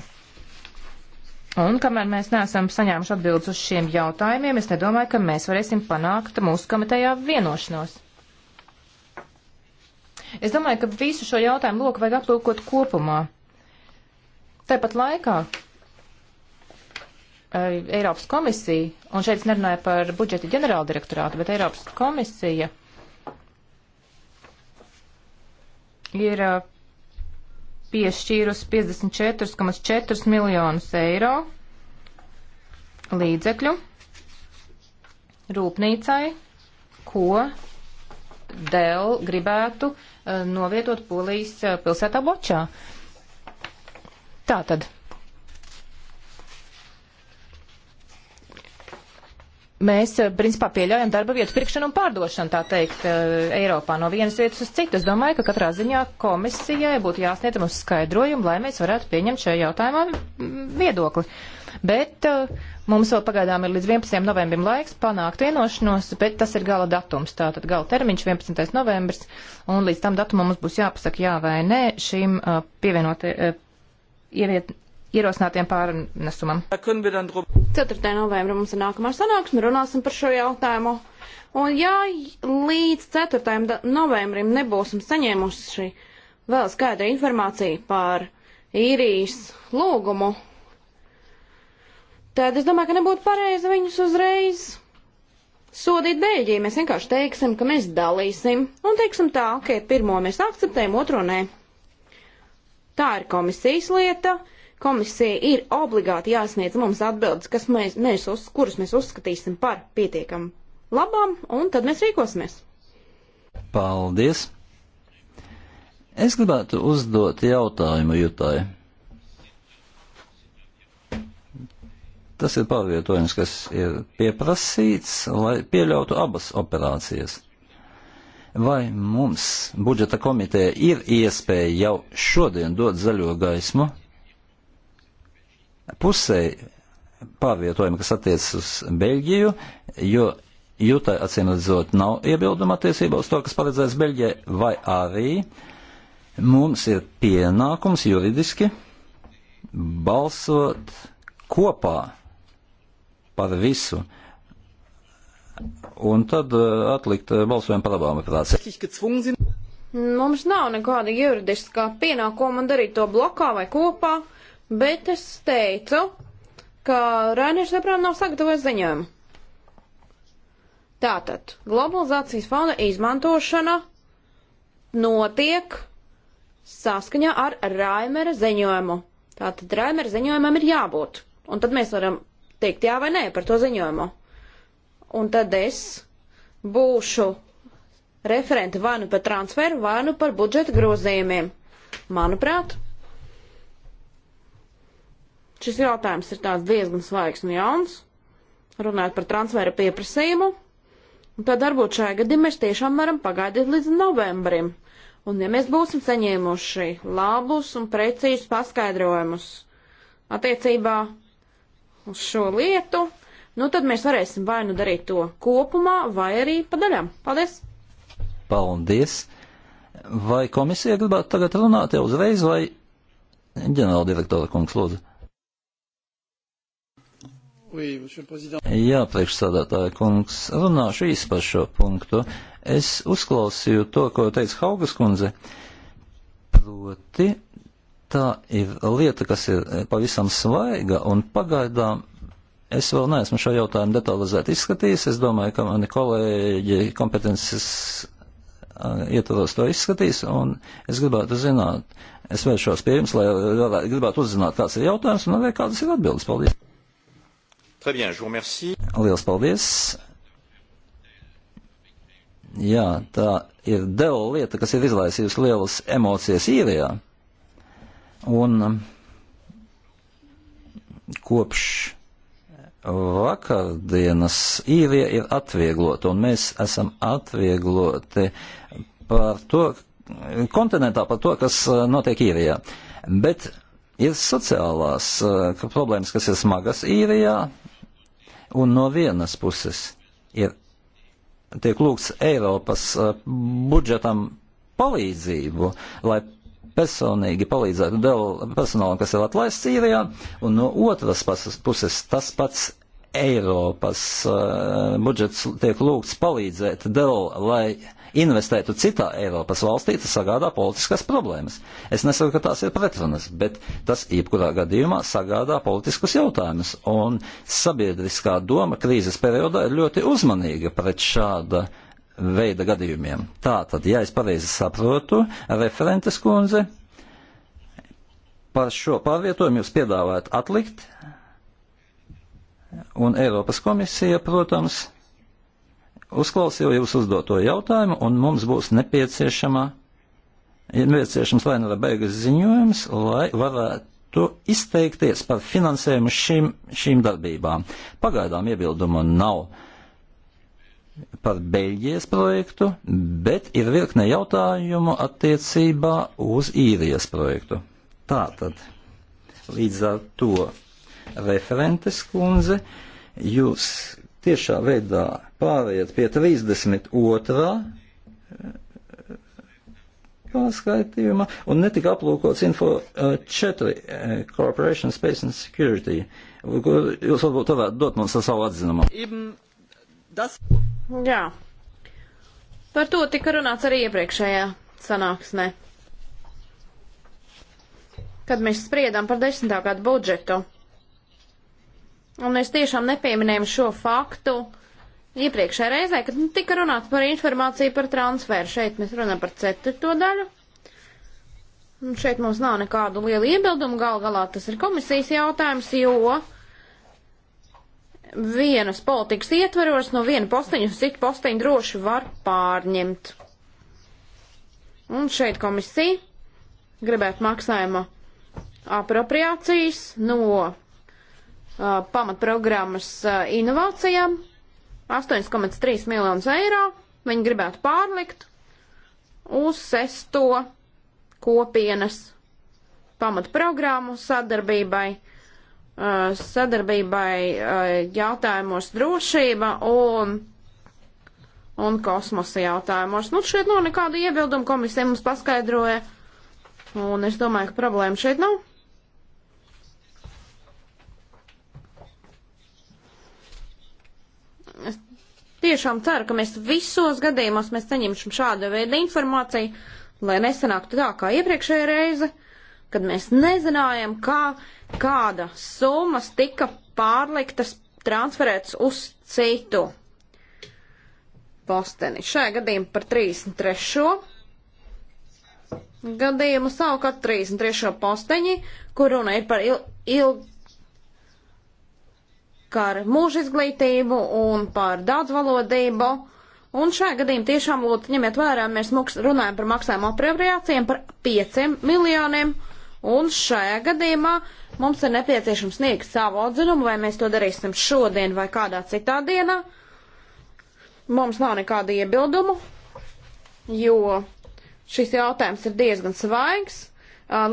Un kamēr mēs neesam saņēmuši atbildes uz šiem jautājumiem, es nedomāju, ka mēs varēsim panākt mūsu komitejā vienošanos. Es domāju, ka visu šo jautājumu loku vajag aplūkot kopumā. Tāpat laikā Eiropas komisija, un šeit es nerunāju par budžeta ģenerāldirektorātu, bet Eiropas komisija ir piešķīrusi 54,4 miljonus eiro līdzekļu rūpnīcai, ko Dēl gribētu novietot Polijas pilsētā Bočā. Tātad mēs, eh, principā, pieļaujam darba vietu pirkšanu un pārdošanu, tā teikt, eh, Eiropā no vienas vietas uz citu. Es domāju, ka katrā ziņā komisijai būtu jāsniedz mums skaidrojumu, lai mēs varētu pieņemt šajā jautājumā mm, viedokli. Bet eh, mums vēl pagaidām ir līdz 11. novembrim laiks panākt vienošanos, bet tas ir gala datums. Tātad gala termiņš 11. novembris, un līdz tam datumam mums būs jāpasaka jā vai nē šīm pievienot, ieviet, ierosinātiem pārnesumam. 4. novembrī mums ir nākamā sanāksme, runāsim par šo jautājumu. Un ja līdz 4. novembrim nebūsim saņēmuši vēl skaidru informāciju par īrijas lūgumu, tad es domāju, ka nebūtu pareizi viņus uzreiz sodīt Beļģiju. Mēs vienkārši teiksim, ka mēs dalīsim un teiksim tā, ka okay, pirmo mēs akceptējam, otro nē. Tā ir komisijas lieta, Komisija ir obligāti jāsniedz mums atbildes, kas mēs, mēs uz, kurus mēs uzskatīsim par pietiekam labām, un tad mēs rīkosimies. Paldies! Es gribētu uzdot jautājumu Jutai. Tas ir pārvietojums, kas ir pieprasīts, lai pieļautu abas operācijas. Vai mums budžeta komiteja ir iespēja jau šodien dot zaļo gaismu pusei pārvietojumi, kas attiecas uz Beļģiju, jo Jūtai acīm redzot nav iebilduma attiecībā uz to, kas paredzēts Beļģijai, vai arī mums ir pienākums juridiski balsot kopā par visu. Un tad eh, atlikt eh, balsojumu par abām operācijām. Mums nav nekāda juridiskā pienākuma darīt to blokā vai kopā bet es teicu, ka Rainers joprojām nav sagatavojis ziņojumu. Tātad globalizācijas fonda izmantošana notiek saskaņā ar Raimera ziņojumu. Tātad Raimera ziņojumam ir jābūt. Un tad mēs varam teikt jā vai nē par to ziņojumu. Un tad es būšu referenti vai nu par transferu, vai nu par budžeta grozījumiem. Manuprāt, Šis jautājums ir tāds diezgan svaigs un jauns, runājot par transfēra pieprasījumu. Un tad varbūt šajā gadījumā mēs tiešām varam pagaidīt līdz novembrim. Un ja mēs būsim saņēmuši labus un precīzus paskaidrojumus attiecībā uz šo lietu, nu tad mēs varēsim vai nu darīt to kopumā, vai arī pa daļām. Paldies! Paldies! Vai komisija gribētu tagad runāt jau uzreiz, vai ģenerāldirektora kungs lūdzu? Jā, priekšsādātāja kungs, runāšu īsi par šo punktu. Es uzklausīju to, ko teica Haugas kundze. Proti, tā ir lieta, kas ir pavisam svaiga, un pagaidām es vēl neesmu šo jautājumu detalizēti izskatījis. Es domāju, ka mani kolēģi kompetences ietvaros to izskatīs, un es gribētu zināt, es vēršos pie jums, lai gribētu uzzināt, kāds ir jautājums, un arī kādas ir atbildes. Paldies! Très bien, je vous remercie. Liels paldies. Jā, tā ir Deo lieta, kas ir izraisījusi lielas emocijas īrijā. Un um, kopš vakardienas īrija ir atvieglota, un mēs esam atviegloti par to, kontinentā par to, kas uh, notiek īrijā. Bet ir sociālās uh, problēmas, kas ir smagas īrijā, Un no vienas puses ir tiek lūgts Eiropas eh, budžetam palīdzību, lai personīgi palīdzētu personālam, kas ir atlaists Sīrijā, un no otras puses tas pats Eiropas uh, budžets tiek lūgts palīdzēt Dell, lai investētu citā Eiropas valstī, tas sagādā politiskas problēmas. Es nesaku, ka tās ir pretrunas, bet tas jebkurā gadījumā sagādā politiskus jautājumus. Un sabiedriskā doma krīzes periodā ir ļoti uzmanīga pret šāda veida gadījumiem. Tātad, ja es pareizi saprotu, referentes kundze, par šo pārvietojumu jūs piedāvājat atlikt, un Eiropas komisija, protams, uzklausīju jūs uzdoto jautājumu, un mums būs nepieciešama, ir nepieciešams lēna nu beigas ziņojums, lai varētu izteikties par finansējumu šīm, šīm darbībām. Pagaidām iebildumu nav par Beļģijas projektu, bet ir virkne jautājumu attiecībā uz īrijas projektu. Tātad, līdz ar to referentes kundze, jūs tiešā veidā pāriet pie 32. pārskaitījuma eh, un netika aplūkots info 4 eh, eh, Corporation Space and Security. Jūs varbūt varētu dot mums savu atzinumu. Jā. Par to tika runāts arī iepriekšējā sanāksmē, kad mēs spriedām par desmitā gadu budžetu un mēs tiešām nepieminējam šo faktu iepriekšējā reizē, kad nu, tika runāts par informāciju par transferu. Šeit mēs runājam par ceturto daļu. Un šeit mums nav nekādu lielu iebildumu, gal galā tas ir komisijas jautājums, jo vienas politikas ietveros no viena posteņa uz citu posteņu droši var pārņemt. Un šeit komisija gribētu maksājuma apropriācijas no Uh, pamatprogrammas uh, inovācijām 8,3 miljonus eiro. Viņi gribētu pārlikt uz sesto kopienas pamatprogrammu sadarbībai, uh, sadarbībai jautājumos drošība un, un kosmosa jautājumos. Nu, šeit nav no nekāda iebilduma, komisija mums paskaidroja, un es domāju, ka problēma šeit nav. tiešām ceru, ka mēs visos gadījumos mēs saņemsim šādu veidu informāciju, lai nesanāktu tā kā iepriekšējā reize, kad mēs nezinājām, kā, kāda summas tika pārliktas, transferētas uz citu posteni. Šajā gadījumā par 33. gadījumu savukārt 33. posteņi, kur runa ir par ilgu. Il par mūža izglītību un par daudzvalodību. Un šajā gadījumā tiešām lūdzu ņemiet vērā, mēs runājam par maksājumu apropriācijām par 5 miljoniem. Un šajā gadījumā mums ir nepieciešams sniegt savu atzinumu, vai mēs to darīsim šodien vai kādā citā dienā. Mums nav nekāda iebildumu, jo šis jautājums ir diezgan svaigs.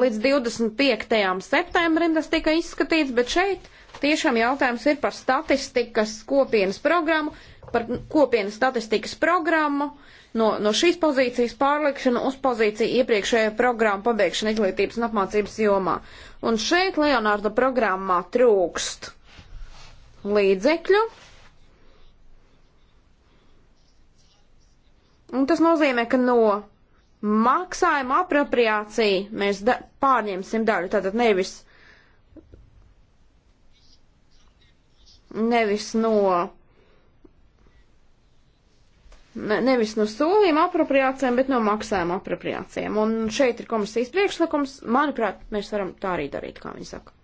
Līdz 25. septembrim tas tika izskatīts, bet šeit tiešām jautājums ir par statistikas kopienas programmu, par kopienas statistikas programmu, no, no šīs pozīcijas pārlikšanu uz pozīciju iepriekšējā programmu pabeigšanu izglītības un apmācības jomā. Un šeit Leonārda programmā trūkst līdzekļu. Un tas nozīmē, ka no maksājuma apropriācija mēs da pārņemsim daļu, tātad nevis nevis no. Ne, nevis no solījuma apropriācijām, bet no maksājuma apropriācijām. Un šeit ir komisijas priekšlikums. Manuprāt, mēs varam tā arī darīt, kā viņi saka.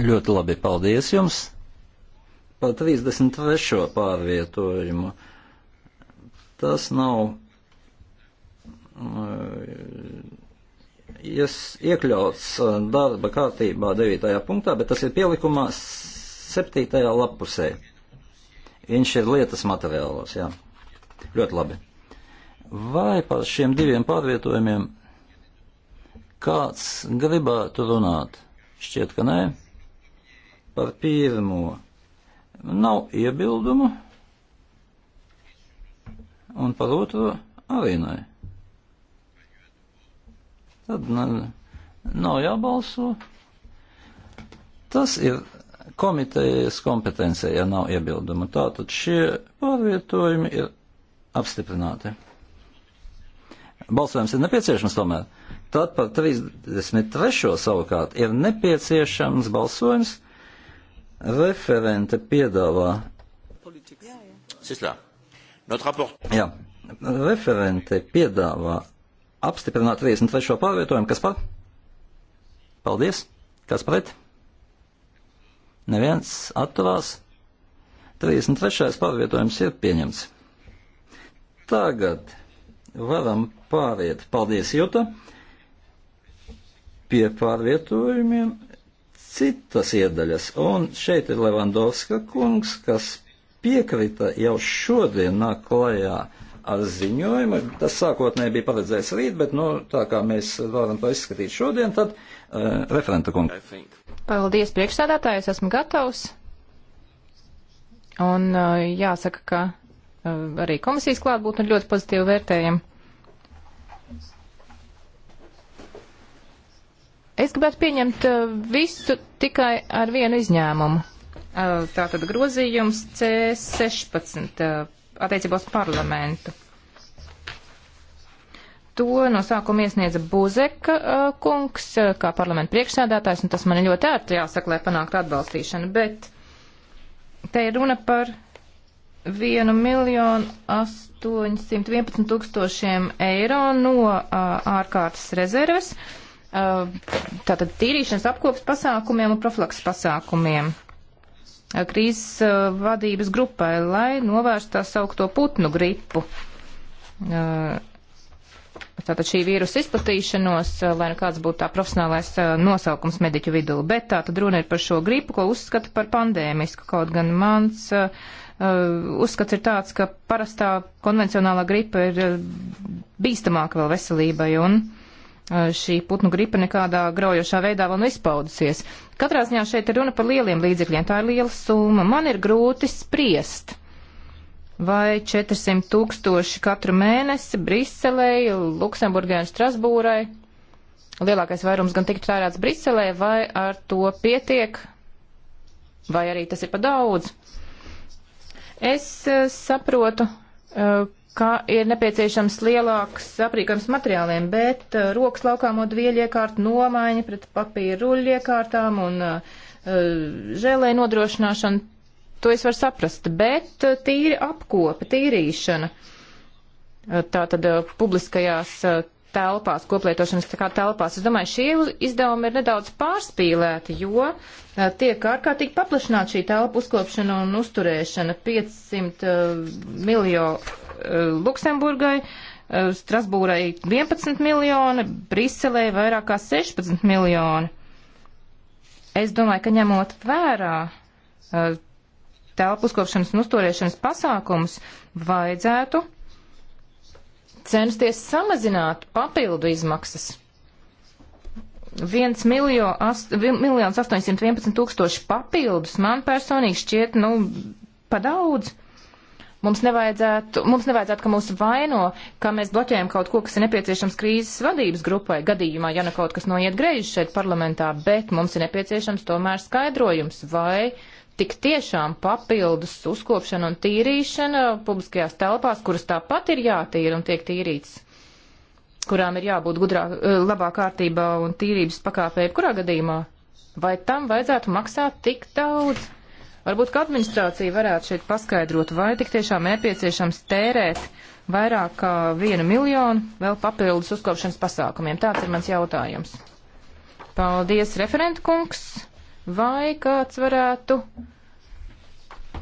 Ļoti labi, paldies jums par 33. pārvietojumu. Tas nav uh, iekļauts uh, darba kārtībā 9. punktā, bet tas ir pielikumās Septītajā lapusē. Viņš ir lietas materiālos, jā. Ļoti labi. Vai par šiem diviem pārvietojumiem kāds gribētu runāt? Šķiet, ka nē. Par pirmo nav iebildumu. Un par otro arī nē. Tad nav jābalso. Tas ir komitejas kompetencija, ja nav iebilduma. Tātad šie pārvietojumi ir apstiprināti. Balsojums ir nepieciešams tomēr. Tad par 33. savukārt ir nepieciešams balsojums. Referente piedāvā. Jā, jā. jā. Referente piedāvā apstiprināt 33. pārvietojumu. Kas par? Paldies. Kas pret? Neviens atturās. 33. pārvietojums ir pieņemts. Tagad varam pāriet. Paldies, Juta! Pie pārvietojumiem citas iedaļas. Un šeit ir Levandovska kungs, kas piekrita jau šodien nāk klajā ar ziņojumu. Tas sākotnēji bija paredzēts rīt, bet nu, tā kā mēs varam to izskatīt šodien, tad uh, referenta kungs. Paldies, priekšsādātājs, esmu gatavs. Un uh, jāsaka, ka uh, arī komisijas klātbūtne ļoti pozitīvi vērtējama. Es gribētu pieņemt uh, visu tikai ar vienu izņēmumu. Tātad grozījums C16 attiecībā uz parlamentu to no sākuma iesniedza Buzeka uh, kungs, uh, kā parlamenta priekšsēdētājs, un tas man ir ļoti ērti jāsaka, lai panāktu atbalstīšanu, bet te ir runa par 1 miljonu 811 tūkstošiem eiro no uh, ārkārtas rezerves, uh, tātad tīrīšanas apkopas pasākumiem un profilaks pasākumiem uh, krīzes uh, vadības grupai, lai novērstu tā saukto putnu gripu. Uh, tātad šī vīrusa izplatīšanos, eh, lai nu kāds būtu tā profesionālais eh, nosaukums mediķu vidū. Bet tā tad runa ir par šo gripu, ko uzskata par pandēmisku. Kaut gan mans uh, uzskats ir tāds, ka parastā konvencionālā gripa ir uh, bīstamāka vēl veselībai un uh, šī putnu gripa nekādā graujošā veidā vēl nav izpaudusies. Katrā ziņā šeit ir runa par lieliem līdzekļiem. Tā ir liela summa. Man ir grūti spriest vai 400 tūkstoši katru mēnesi Briselei, Luksemburgai un Strasbūrai. Lielākais vairums gan tiktu tērēts Briselē, vai ar to pietiek, vai arī tas ir pa daudz. Es eh, saprotu, eh, ka ir nepieciešams lielāks aprīkojums materiāliem, bet eh, rokas laukāmo dvieļiekārtu nomaiņa pret papīru ruļiekārtām un žēlē nodrošināšana to es varu saprast, bet eh, tīri apkopa, tīrīšana eh, tātad eh, publiskajās telpās, koplietošanas tā kā telpās. Es domāju, šie izdevumi ir nedaudz pārspīlēti, jo tiek ārkārtīgi paplašināta šī telpa uzkopšana un uzturēšana 500 miljonu Luksemburgai. Strasbūrai 11 miljoni, Briselē vairāk kā 16 miljoni. Es domāju, ka ņemot vērā telpu uzkopšanas un uzturēšanas pasākumus, vajadzētu censties samazināt papildu izmaksas. 1 miljons 811 tūkstoši papildus man personīgi šķiet, nu, padaudz. Mums nevajadzētu, mums nevajadzētu, ka mūs vaino, ka mēs bloķējam kaut ko, kas ir nepieciešams krīzes vadības grupai gadījumā, ja ne nu kaut kas noiet greizi šeit parlamentā, bet mums ir nepieciešams tomēr skaidrojums, vai uh, tik tiešām papildus uzkopšana un tīrīšana publiskajās telpās, kuras tāpat ir jātīra un tiek tīrītas, kurām ir jābūt gudrā, eh, labā kārtībā un tīrības pakāpē, kurā gadījumā, vai tam vajadzētu maksāt tik daudz? Varbūt, ka administrācija varētu šeit paskaidrot, vai tik tiešām nepieciešams tērēt vairāk kā vienu miljonu vēl papildus uzkopšanas pasākumiem. Tāds ir mans jautājums. Paldies, referentkungs! vai kāds varētu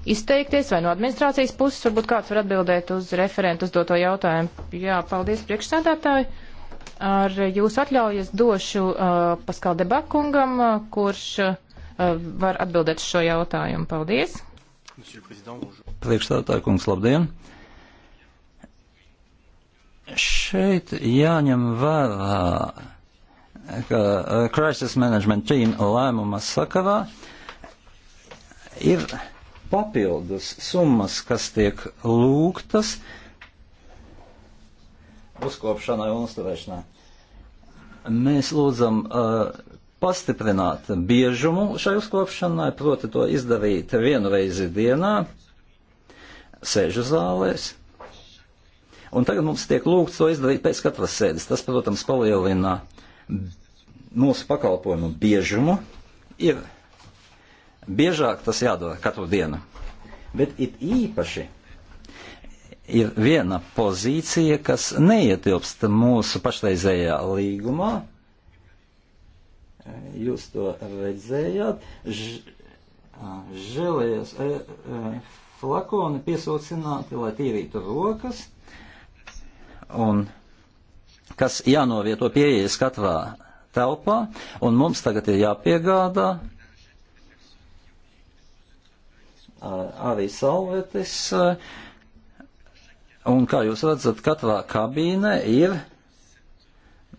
izteikties, vai no administrācijas puses, varbūt kāds var atbildēt uz referentu uzdoto jautājumu. Jā, paldies priekšsēdētāji. Ar jūsu atļaujas došu uh, Paskal Debakungam, uh, kurš uh, var atbildēt šo jautājumu. Paldies. Priekšstādātāja kungs, labdien! Šeit jāņem vērā Eh, Crisis Management Team lēmuma sakarā ir papildus summas, kas tiek lūgtas uzkopšanai un uzturēšanai. Mēs lūdzam uh, pastiprināt biežumu šai uzkopšanai, proti to izdarīt vienu reizi dienā, sēžu zālēs. Un tagad mums tiek lūgts to izdarīt pēc katras sēdes. Tas, protams, palielina mūsu pakalpojumu biežumu ir biežāk tas jādara katru dienu. Bet it īpaši ir viena pozīcija, kas neietilpst mūsu pašreizējā līgumā. Jūs to redzējāt. Ž žēlējas e, e, flakoni piesaucināti, lai tīrītu rokas, un kas jānovieto pieejas katrā telpā, un mums tagad ir jāpiegādā arī salvetes. Un kā jūs redzat, katrā kabīne ir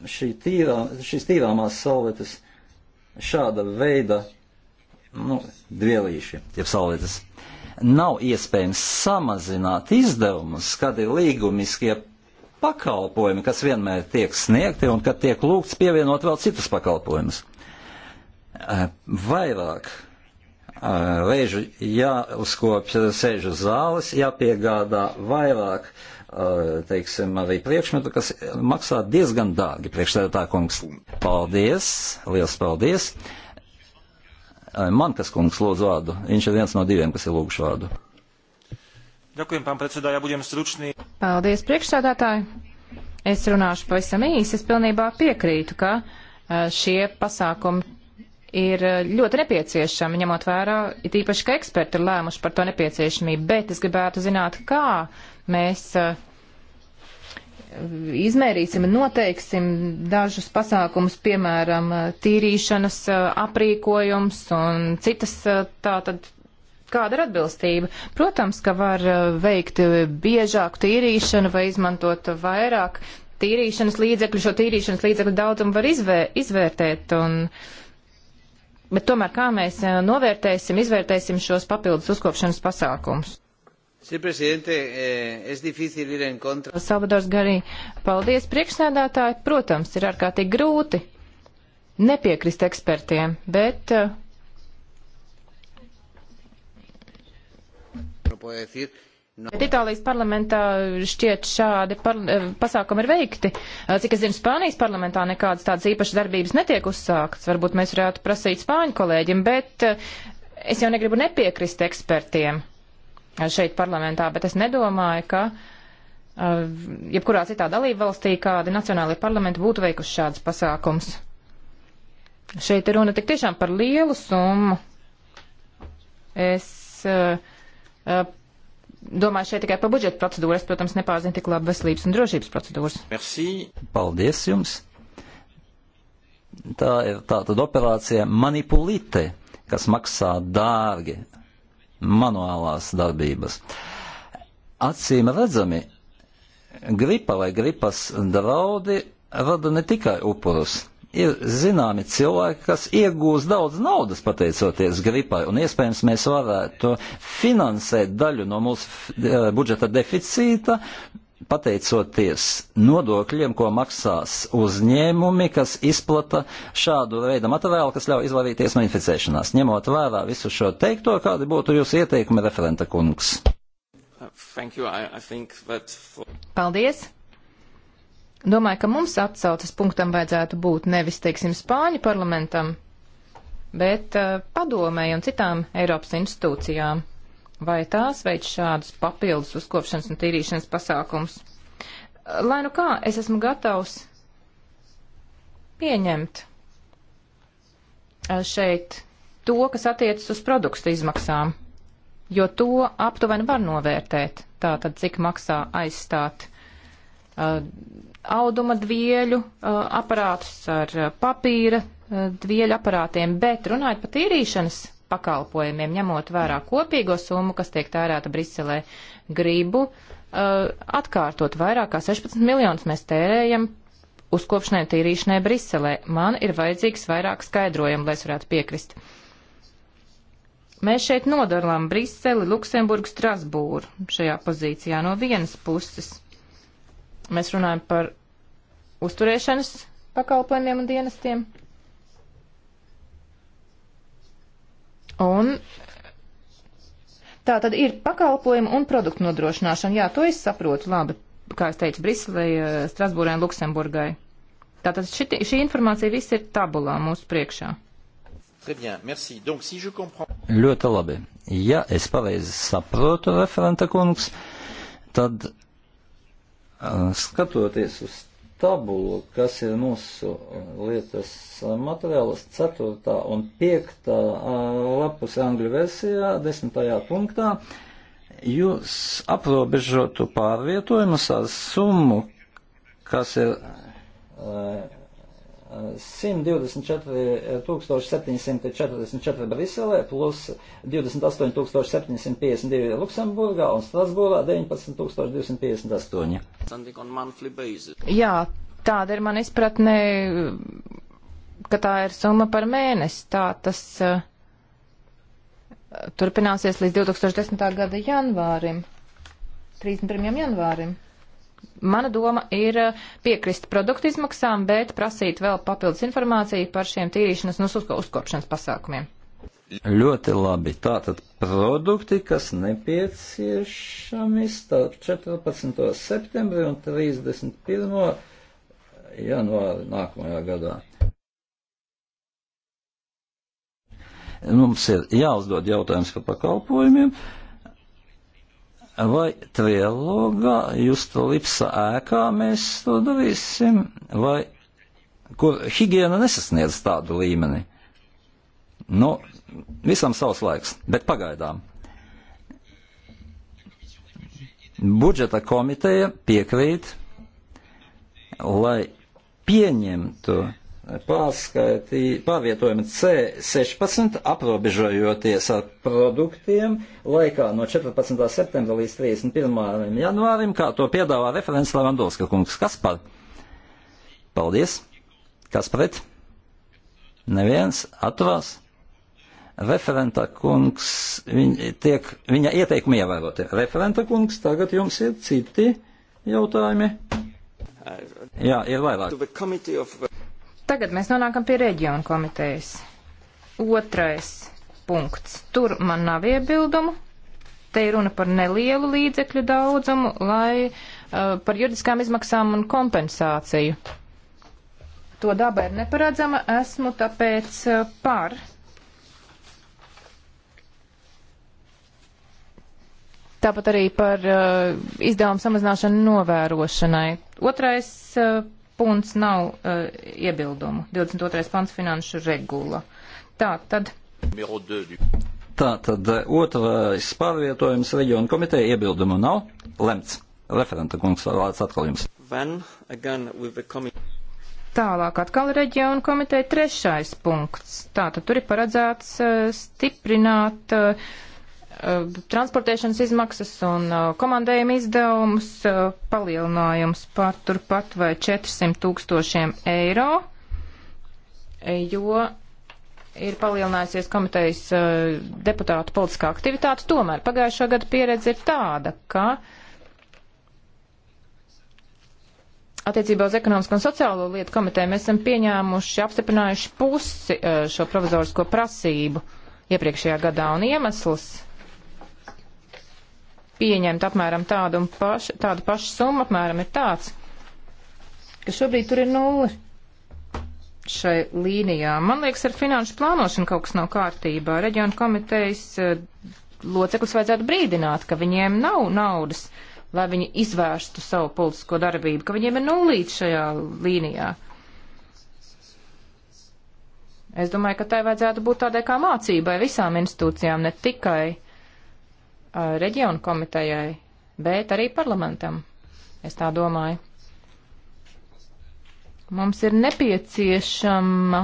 šī tīrā, šīs tīrāmās salvetes šāda veida nu, dvielīši, jeb salvetes. Nav iespējams samazināt izdevumus, kad ir līgumiskie pakalpojumi, kas vienmēr tiek sniegti un kad tiek lūgts pievienot vēl citus pakalpojumus. Eh, vairāk eh, reižu jāuzkopja sēžu zāles, jāpiegādā vairāk, eh, teiksim, arī priekšmetu, kas maksā diezgan dārgi. Priekšstādā kungs, paldies, liels paldies. Man kas kungs lūdz vārdu, viņš ir viens no diviem, kas ir lūguši vārdu. Ďakujem, pán predsedā, ja budem stručný. Paldies, priekšsādātāji. Es runāšu pavisam īsi. Es pilnībā piekrītu, ka e, šie pasākumi ir e, ļoti nepieciešami, ņemot vērā, it īpaši, ka eksperti ir lēmuši par to nepieciešamību, bet es gribētu zināt, kā mēs e, izmērīsim un noteiksim dažus pasākumus, piemēram, tīrīšanas aprīkojums un citas tātad Kāda ir atbilstība? Protams, ka var eh, veikt eh, biežāku tīrīšanu vai izmantot vairāk tīrīšanas līdzekļu. Šo tīrīšanas līdzekļu daudzumu var izvē, izvērtēt. Un, bet tomēr kā mēs eh, novērtēsim, izvērtēsim šos papildus uzkopšanas pasākumus? Sí, eh, es difícil ir en contra. Salvadors Garī, paldies priekšsēdētāji. Protams, ir ārkārtīgi grūti nepiekrist ekspertiem, bet uh, puede decir Bet Itālijas parlamentā šķiet šādi par, eh, pasākumi ir veikti. Eh, cik es zinu, Spānijas parlamentā nekādas tādas īpašas darbības netiek uzsāktas. Varbūt mēs varētu prasīt Spāņu kolēģim, bet eh, es jau negribu nepiekrist ekspertiem šeit parlamentā, bet es nedomāju, ka jebkurā citā dalība valstī kādi nacionālajie parlamenti būtu veikuši šādas pasākums. Šeit ir runa tik tiešām par lielu summu. Es uh, Eh, domāju šeit tikai par budžeta procedūru. Es, protams, nepārzinu tik labi veselības un drošības procedūras. Merci. Paldies jums. Tā ir tātad operācija manipulite, kas maksā dārgi manuālās darbības. Acīm redzami, gripa vai gripas draudi rada ne tikai upurus ir zināmi cilvēki, kas iegūs daudz naudas pateicoties gripai, un iespējams mēs varētu finansēt daļu no mūsu eh, budžeta deficīta, pateicoties nodokļiem, ko maksās uzņēmumi, kas izplata šādu veidu materiālu, kas ļauj izvairīties no inficēšanās. Ņemot vērā visu šo teikto, kādi būtu jūsu ieteikumi, referenta kungs? For... Paldies! Domāju, ka mums atsaucas punktam vajadzētu būt nevis, teiksim, Spāņu parlamentam, bet uh, padomēji un citām Eiropas institūcijām. Vai tās veids šādus papildus uzkopšanas un tīrīšanas pasākums? Eh, lai nu kā, es esmu gatavs pieņemt eh, šeit to, kas attiecas uz produktu izmaksām, jo to aptuveni var novērtēt, tātad cik maksā aizstāt Uh, auduma dvieļu uh, aparātus, ar uh, papīra dvieļu aparātiem, bet runājot par tīrīšanas pakalpojumiem, ņemot vērā kopīgo summu, kas tiek tērēta Briselē, gribu atkārtot vairāk kā 16 miljonus mēs tērējam uzkopšanai un tīrīšanai Briselē. Man ir vajadzīgs vairāk skaidrojumu, lai es varētu piekrist. Mēs šeit nodalām Briseli, Luksemburgu, Strasbūru šajā pozīcijā no vienas puses Mēs runājam par uzturēšanas pakalpojumiem un dienestiem. Un tā tad ir pakalpojumu un produktu nodrošināšana. Jā, to es saprotu labi, kā es teicu, Briselē, eh, Strasbūrē un Luksemburgai. Tātad šit, šī informācija viss ir tabulā mūsu priekšā. Donc, si comprends... Ļoti labi. Ja es pareizi saprotu, referenta kungs, tad Skatoties uz tabulu, kas ir mūsu lietas materiālas, 4. un 5. lapus angļu versijā, 10. punktā, jūs aprobežotu pārvietojumus ar summu, kas ir 124,744 Briselē, plus 28,752 Luksemburgā un Strasbūrā 19,258. Jā, tāda ir man izpratne, ka tā ir summa par mēnesi. Tā tas uh, turpināsies līdz 2010. gada janvārim, 31. janvārim. Mana doma ir eh, piekrist produktu izmaksām, bet prasīt vēl papildus informāciju par šiem tīrīšanas un uzkopšanas pasākumiem. Ļoti labi. Tātad produkti, kas nepieciešami starp 14. septembri un 31. janvāri nākamajā gadā. Mums ir jāuzdod jautājums par pakalpojumiem. Uh, Vai trilogā, Justa Lipsa ēkā mēs to darīsim, vai kur higiena nesasniedz tādu līmeni? Nu, visam savs laiks, bet pagaidām. Budžeta komiteja piekrīt, lai pieņemtu pārvietojumi C16, aprobežojoties ar produktiem laikā no 14. septembra līdz 31. janvārim, kā to piedāvā referents Levandovska kungs. Kas par? Paldies. Kas pret? Neviens atturās. Referenta kungs, viņ, tiek, viņa ieteikumi ievēroti. Referenta kungs, tagad jums ir citi jautājumi. Uh, Jā, ir vairāk. Tagad mēs nonākam pie reģionu komitejas. Otrais punkts. Tur man nav iebildumu. Te ir runa par nelielu līdzekļu daudzumu, lai uh, par juridiskām izmaksām un kompensāciju. To daba ir neparedzama, esmu tāpēc uh, par. Tāpat arī par uh, izdevumu samazināšanu novērošanai. Otrais uh, punkts nav uh, iebildumu. 22. pants finanšu regula. Tā tad. Tā tad eh, otrais pārvietojums reģionu komiteja iebildumu nav lemts. Referenta kungs vārds atkal jums. When, again, Tālāk atkal reģionu komiteja trešais punkts. Tātad tur ir paredzēts uh, stiprināt uh, uh, transportēšanas izmaksas un uh, komandējuma izdevumus uh, palielinājums par turpat vai 400 tūkstošiem eiro, jo ir palielinājusies komitejas deputātu politiskā aktivitāte. Tomēr pagājušā gada pieredze ir tāda, ka attiecībā uz ekonomisko un sociālo lietu komiteju mēs esam pieņēmuši, apstiprinājuši pusi šo provizorisko prasību iepriekšējā gadā. Un iemesls pieņemt apmēram tādu, paš, tādu pašu summu, apmēram ir tāds, ka šobrīd tur ir nulle šai līnijā. Man liekas, ar finanšu plānošanu kaut kas nav kārtībā. Reģionu komitejas eh, loceklis vajadzētu brīdināt, ka viņiem nav naudas, lai viņi izvērstu savu politisko darbību, ka viņiem ir nullīts šajā līnijā. Es domāju, ka tai vajadzētu būt tādai kā mācībai visām institūcijām, ne tikai uh, reģionu komitejai, bet arī parlamentam. Es tā domāju. Mums ir nepieciešama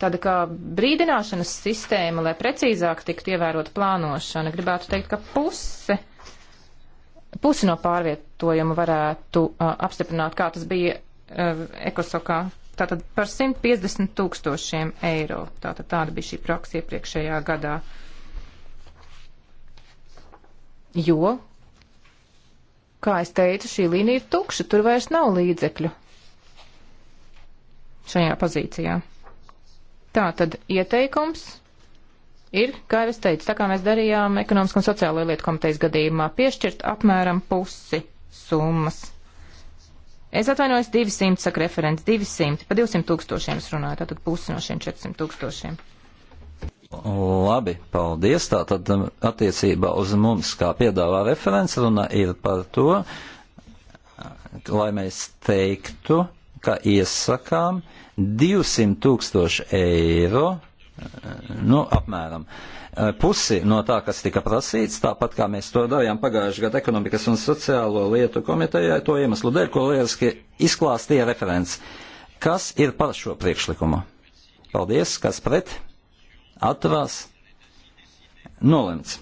tāda kā brīdināšanas sistēma, lai precīzāk tiktu ievērota plānošana. Gribētu teikt, ka puse, pusi no pārvietojuma varētu uh, apstiprināt, kā tas bija uh, ekosokā. Tātad par 150 tūkstošiem eiro. Tātad tāda bija šī praksa iepriekšējā gadā. Uh, Jo, kā es teicu, šī līnija ir tukša, tur vairs nav līdzekļu šajā pozīcijā. Tā tad ieteikums ir, kā jau es teicu, tā kā mēs darījām ekonomisko un sociālo lietu komitejas gadījumā, piešķirt apmēram pusi summas. Es atvainojos 200, saka referents, 200, pa 200 tūkstošiem es runāju, tātad pusi no šiem 400 tūkstošiem. Labi, paldies. Tātad um, attiecībā uz mums, kā piedāvā referents, runa ir par to, lai mēs teiktu, ka iesakām 200 tūkstoši eiro, uh, nu, apmēram, uh, pusi no tā, kas tika prasīts, tāpat kā mēs to darījām pagājušajā gadā ekonomikas un sociālo lietu komitejai, to iemeslu dēļ, ko lieliski izklāstīja referents. Kas ir par šo priekšlikumu? Paldies, kas pret? atturās nolemts.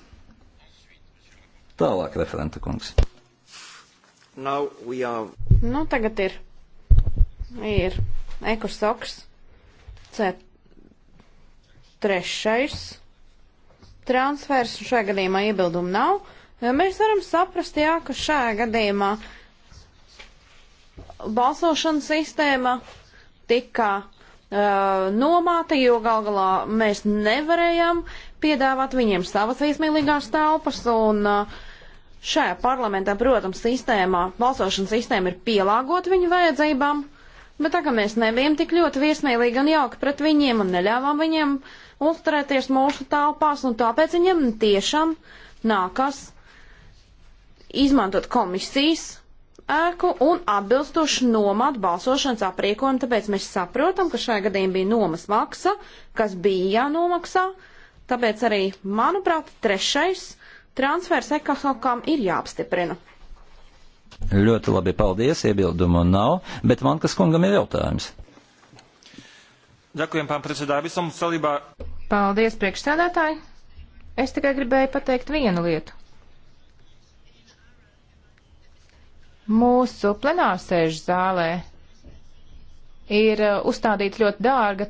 Tālāk, referenta kungs. Are... Nu, tagad ir. Ir ekosoks C trešais transfers, un šajā gadījumā iebildumu nav. Mēs varam saprast, jā, ka šajā gadījumā balsošanas sistēma tika uh, nomāta, jo gal galā mēs nevarējām piedāvāt viņiem savas viesmīlīgās telpas. Un, uh, Šajā parlamentā, protams, sistēmā, balsošanas sistēma ir pielāgota viņu vajadzībām, bet tā kā mēs nebijām tik ļoti viesmīlīgi un jauki pret viņiem un neļāvām viņiem uzturēties mūsu telpās, un tāpēc viņiem tiešām nākas izmantot komisijas ēku un atbilstoši nomāt balsošanas aprīkojumu, tāpēc mēs saprotam, ka šajā gadījumā bija nomas maksa, kas bija jānomaksā, tāpēc arī, manuprāt, trešais transfers ekosokām ir jāapstiprina. Ļoti labi, paldies, iebildumu nav, bet man kas kungam ir jautājums. Ďakujem, pán predsedā, visam celībā. Paldies, priekšsēdētāji. Es tikai gribēju pateikt vienu lietu. Mūsu plenārsēžu zālē ir uh, uzstādīta ļoti dārga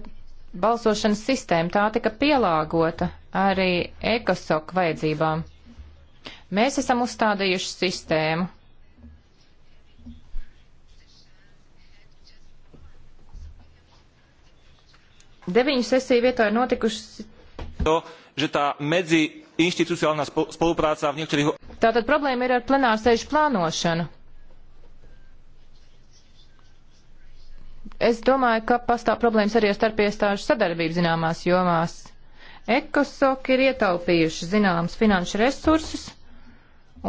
balsošanas sistēma. Tā tika pielāgota arī ekosok vajadzībām. Mēs esam uzstādījuši sistēmu. Deviņu sesiju vietā ir notikušas. To, že tā medzi institucionālā spoluprácā v niektorých... Tātad problēma ir ar plenārsēžu plānošanu. Es domāju, ka pastāv problēmas arī ar starpiestāžu sadarbību zināmās jomās. Ekosok ir ietaupījuši zināmas finanšu resursus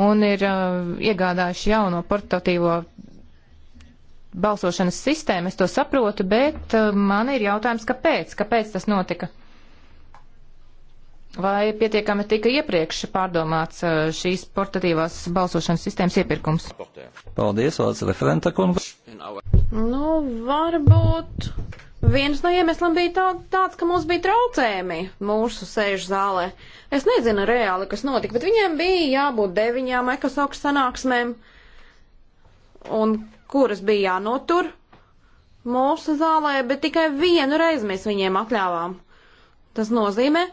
un ir uh, iegādājuši jauno portatīvo balsošanas sistēmu. Es to saprotu, bet uh, man ir jautājums, kāpēc? Kāpēc tas notika? Vai pietiekami tika iepriekš pārdomāts uh, šīs portatīvās balsošanas sistēmas iepirkums? Paldies, Vācis referenta kungs. Nu, varbūt viens no iemesliem bija tā, tāds, ka mums bija traucējumi mūsu sēžu zālē. Es nezinu reāli, kas notika, bet viņiem bija jābūt deviņām ekosoku sanāksmēm, un kuras bija jānotur mūsu zālē, bet tikai vienu reizi mēs viņiem atļāvām. Tas nozīmē,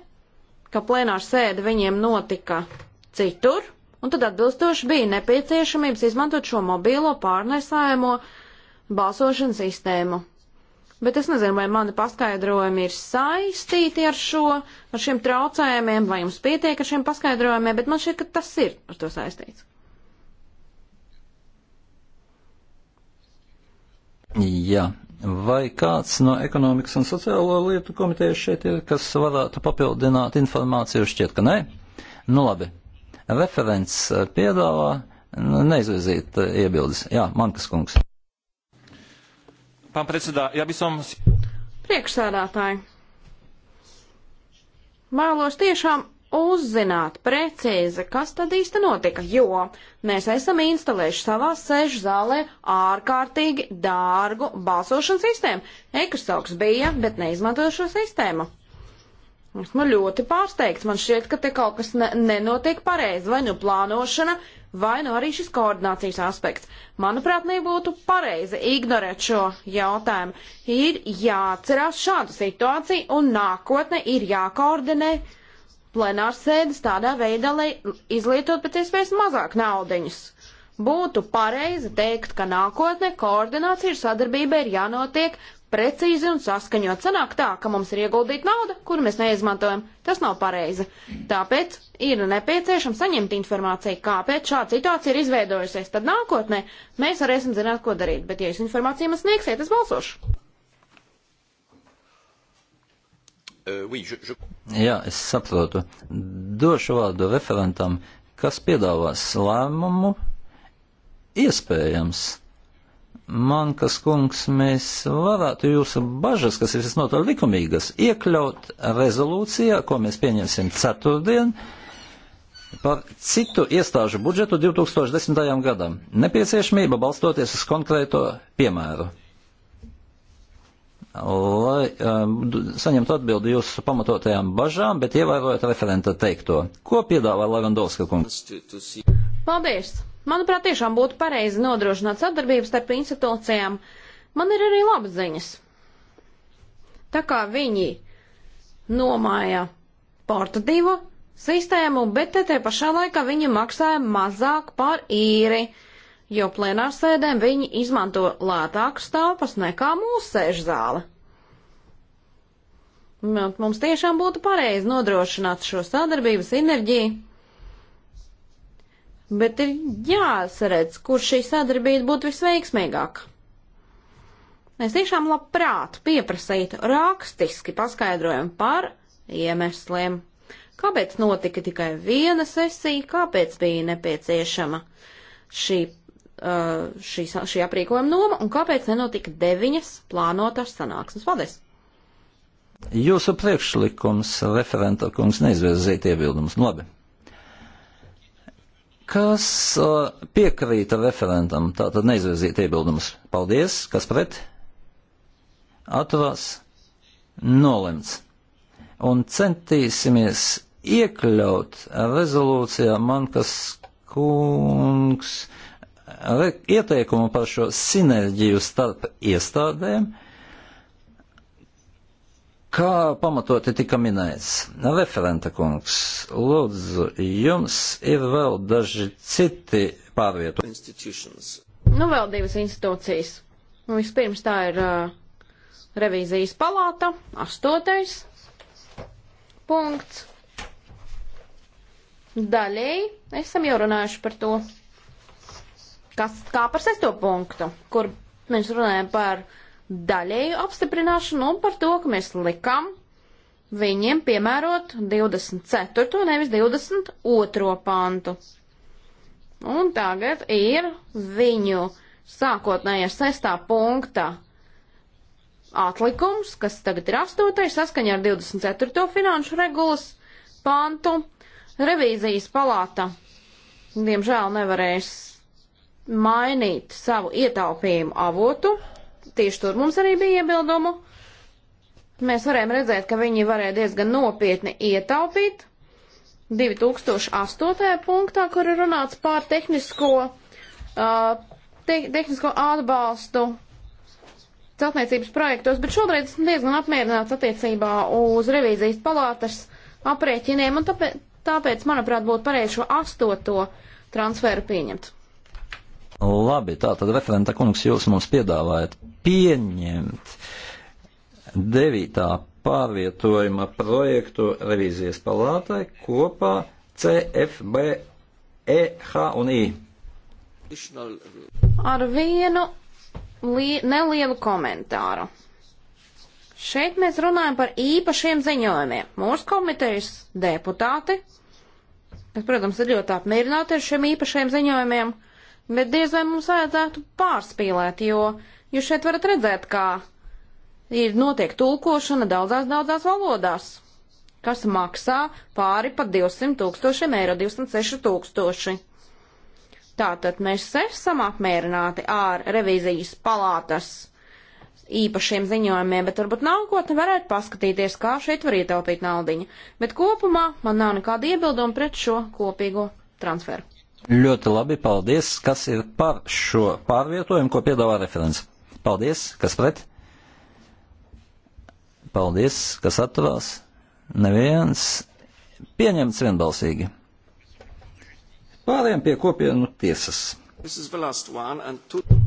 ka plenāra sēde viņiem notika citur, un tad atbilstoši bija nepieciešamības izmantot šo mobīlo pārnēsājumu balsošanas sistēmu. Bet es nezinu, vai mani paskaidrojumi ir saistīti ar šo, ar šiem traucējumiem, vai jums pietiek ar šiem paskaidrojumiem, bet man šķiet, ka tas ir ar to saistīts. Jā, Vai kāds no ekonomikas un sociālo lietu komitejas šeit ir, kas varētu papildināt informāciju? Šķiet, ka nē. Nu labi. Referents eh, piedāvā nu, neizvirzīt eh, iebildes. Jā, Mankas kungs. Pán predsedā, ja by som... Priekšsēdātāji, vēlos tiešām uzzināt precīzi, kas tad īsti notika, jo mēs esam instalējuši savā sešu zālē ārkārtīgi dārgu balsošanas sistēmu. Ekustauks bija, bet neizmantoja šo sistēmu. Esmu ļoti pārsteigts. Man šķiet, ka te kaut kas ne nenotiek pareizi. Vai nu plānošana, vai nu arī šis koordinācijas aspekts. Manuprāt, nebūtu pareizi ignorēt šo jautājumu. Ir jāatcerās šādu situāciju un nākotne ir jākoordinē plenārsēdes tādā veidā, lai izlietot pēc iespējas mazāk naudiņus. Būtu pareizi teikt, ka nākotnē koordinācija un sadarbība ir jānotiek precīzi un saskaņot. Sanāk tā, ka mums ir ieguldīta nauda, kuru mēs neizmantojam. Tas nav pareizi. Tāpēc ir nepieciešams saņemt informāciju, kāpēc šāda situācija ir izveidojusies. Tad nākotnē mēs varēsim zināt, ko darīt. Bet, ja jūs informāciju man sniegsiet, es balsošu. Eh, Jā, es saprotu. Došu vārdu referentam, kas piedāvās lēmumu. Iespējams. Man, kas kungs, mēs varētu jūsu bažas, kas ir visnotaļ likumīgas, iekļaut rezolūcijā, ko mēs pieņemsim ceturtdien, par citu iestāžu budžetu 2010. gadam. Nepieciešamība balstoties uz konkrēto piemēru lai um, saņemtu atbildi jūsu pamatotajām bažām, bet ievērojot referenta teikto. Ko piedāvā Lagandovska kungs? Paldies! Manuprāt, tiešām būtu pareizi nodrošināt sadarbības starp institūcijām. Man ir arī labas ziņas. Tā kā viņi nomāja portatīvu sistēmu, bet te, te pašā laikā viņi maksāja mazāk par īri. Uh, jo plenārsēdēm viņi izmanto lētākas telpas nekā mūsu sēžzāle. Mums tiešām būtu pareizi nodrošināt šo sadarbību, sinerģiju, bet ir jāsaredz, kur šī sadarbība būtu visveiksmīgāka. Es tiešām labprāt pieprasītu rakstiski paskaidrojumu par iemesliem. Kāpēc notika tikai viena sesija, kāpēc bija nepieciešama šī Uh, šī, šī aprīkojuma noma un kāpēc nenotika deviņas plānotas sanāksmes? Paldies! Jūsu priekšlikums, referenta kungs, neizvirzīt iebildumus. Nu, labi. Kas uh, piekrīta referentam? Tātad neizvirzīt iebildumus. Paldies. Kas pret? Atturās. Nolemts. Un centīsimies iekļaut rezolūcijā man, kas kungs. Uh, ieteikumu par šo sinerģiju starp iestādēm, kā pamatoti tika minēts. Referenta kungs, lūdzu, jums ir vēl daži citi pārvietu. Nu, vēl divas institūcijas. Nu, vispirms tā ir uh, revīzijas palāta, astotais punkts. Daļēji esam jau runājuši par to kas kā par sesto punktu, kur mēs runājam par daļēju apstiprināšanu un par to, ka mēs likam viņiem piemērot 24. nevis 22. pantu. Un tagad ir viņu sākotnējais sestā punkta atlikums, kas tagad ir 8. saskaņā ar 24. finanšu regulas pantu. Revīzijas palāta, diemžēl, nevarēs mainīt savu ietaupījumu avotu. Tieši tur mums arī bija iebildumu. Mēs varējām redzēt, ka viņi varēja diezgan nopietni ietaupīt. 2008. punktā, kur ir runāts par tehnisko, uh, te, tehnisko atbalstu celtniecības projektos, bet šobrīd esmu diezgan apmierināts attiecībā uz revīzijas palātas aprēķiniem, un tāpēc, tāpēc manuprāt, būtu pareizi šo astoto transferu pieņemt. Labi, tātad referenta kungs jūs mums piedāvājat pieņemt devītā pārvietojuma projektu revīzijas palātai kopā CFB, EH un I. Ar vienu nelielu komentāru. Šeit mēs runājam par īpašiem ziņojumiem. Mūsu komitejas deputāti, kas, protams, ir ļoti apmierināti ar šiem īpašiem ziņojumiem, uh, bet diez vai mums vajadzētu pārspīlēt, jo jūs šeit varat redzēt, kā ir notiek tulkošana daudzās, daudzās valodās, kas maksā pāri pa 200 tūkstošiem eiro, 206 tūkstoši. Tātad mēs esam apmierināti ar revīzijas palātas īpašiem ziņojumiem, bet varbūt nākotnē varētu paskatīties, kā šeit var ietaupīt naudiņu. Bet kopumā man nav nekāda iebilduma pret šo kopīgo transferu. Ļoti labi, paldies. Kas ir par šo pārvietojumu, ko piedāvā referents? Paldies, kas pret? Paldies, kas atturās? Neviens. Pieņemts vienbalsīgi. Pārējām pie kopienu tiesas.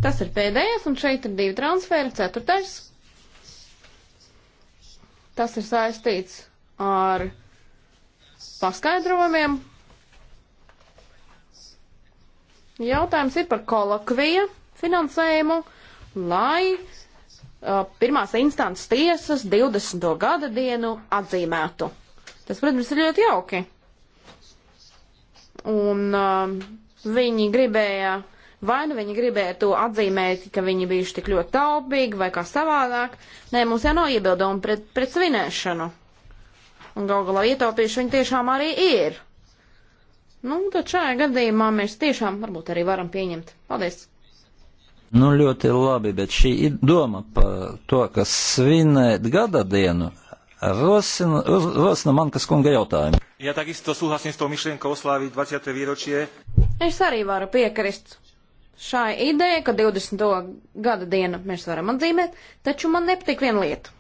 Tas ir pēdējais, un šeit ir divi transferi. Ceturtais. Tas ir saistīts ar paskaidrojumiem Jautājums ir par kolokviju finansējumu, lai uh, pirmās instants tiesas 20. gada dienu atzīmētu. Tas, protams, ir ļoti jauki. Un uh, viņi gribēja, vai nu viņi gribēja to atzīmēt, ka viņi bijuši tik ļoti taupīgi vai kā savādāk. Nē, mums jau nav iebildumi pret, pret svinēšanu. Un gal galā ietaupījuši viņi tiešām arī ir. Nu, tad šajā gadījumā mēs tiešām varbūt arī varam pieņemt. Paldies! Nu, ļoti labi, bet šī doma par to, ka svinēt gada dienu, rosina, rosina Mankas kunga jautājumu. Ja tak isto súhlasím s tou myšlienkou osláviť 20. výročie. Es arī varu piekrist šai idejai, ka 20. gada dienu mēs varam atzīmēt, taču man nepatīk viena lieta.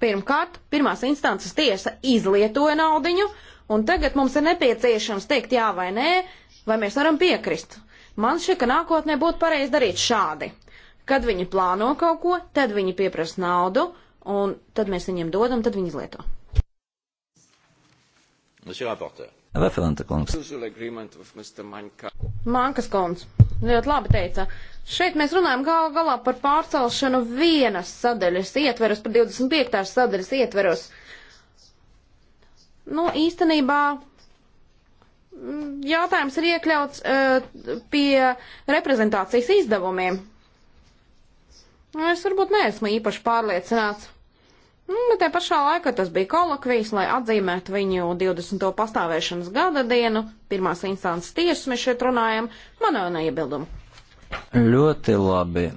Pirmkārt, pirmās instances tiesa izlietoja naudiņu, Un tagad mums ir nepieciešams teikt jā vai nē, vai mēs varam piekrist. Man šķiet, ka nākotnē būtu pareizi darīt šādi. Kad viņi plāno kaut ko, tad viņi pieprasa naudu, un tad mēs viņiem dodam, tad viņi izlieto. Referenta kungs. Mankas kungs ļoti labi teica. Šeit mēs runājam gal galā par pārcelšanu vienas sadaļas ietveros, par 25. sadaļas ietveros. Nu, īstenībā mm, jautājums ir iekļauts uh, pie reprezentācijas izdevumiem. Nu, es varbūt neesmu īpaši pārliecināts. Nu, bet te pašā laikā tas bija kolokvijas, lai atzīmētu viņu 20. pastāvēšanas gada dienu. Pirmās instances tiesas mēs šeit runājam. Man nav neiebildumu. Ļoti labi.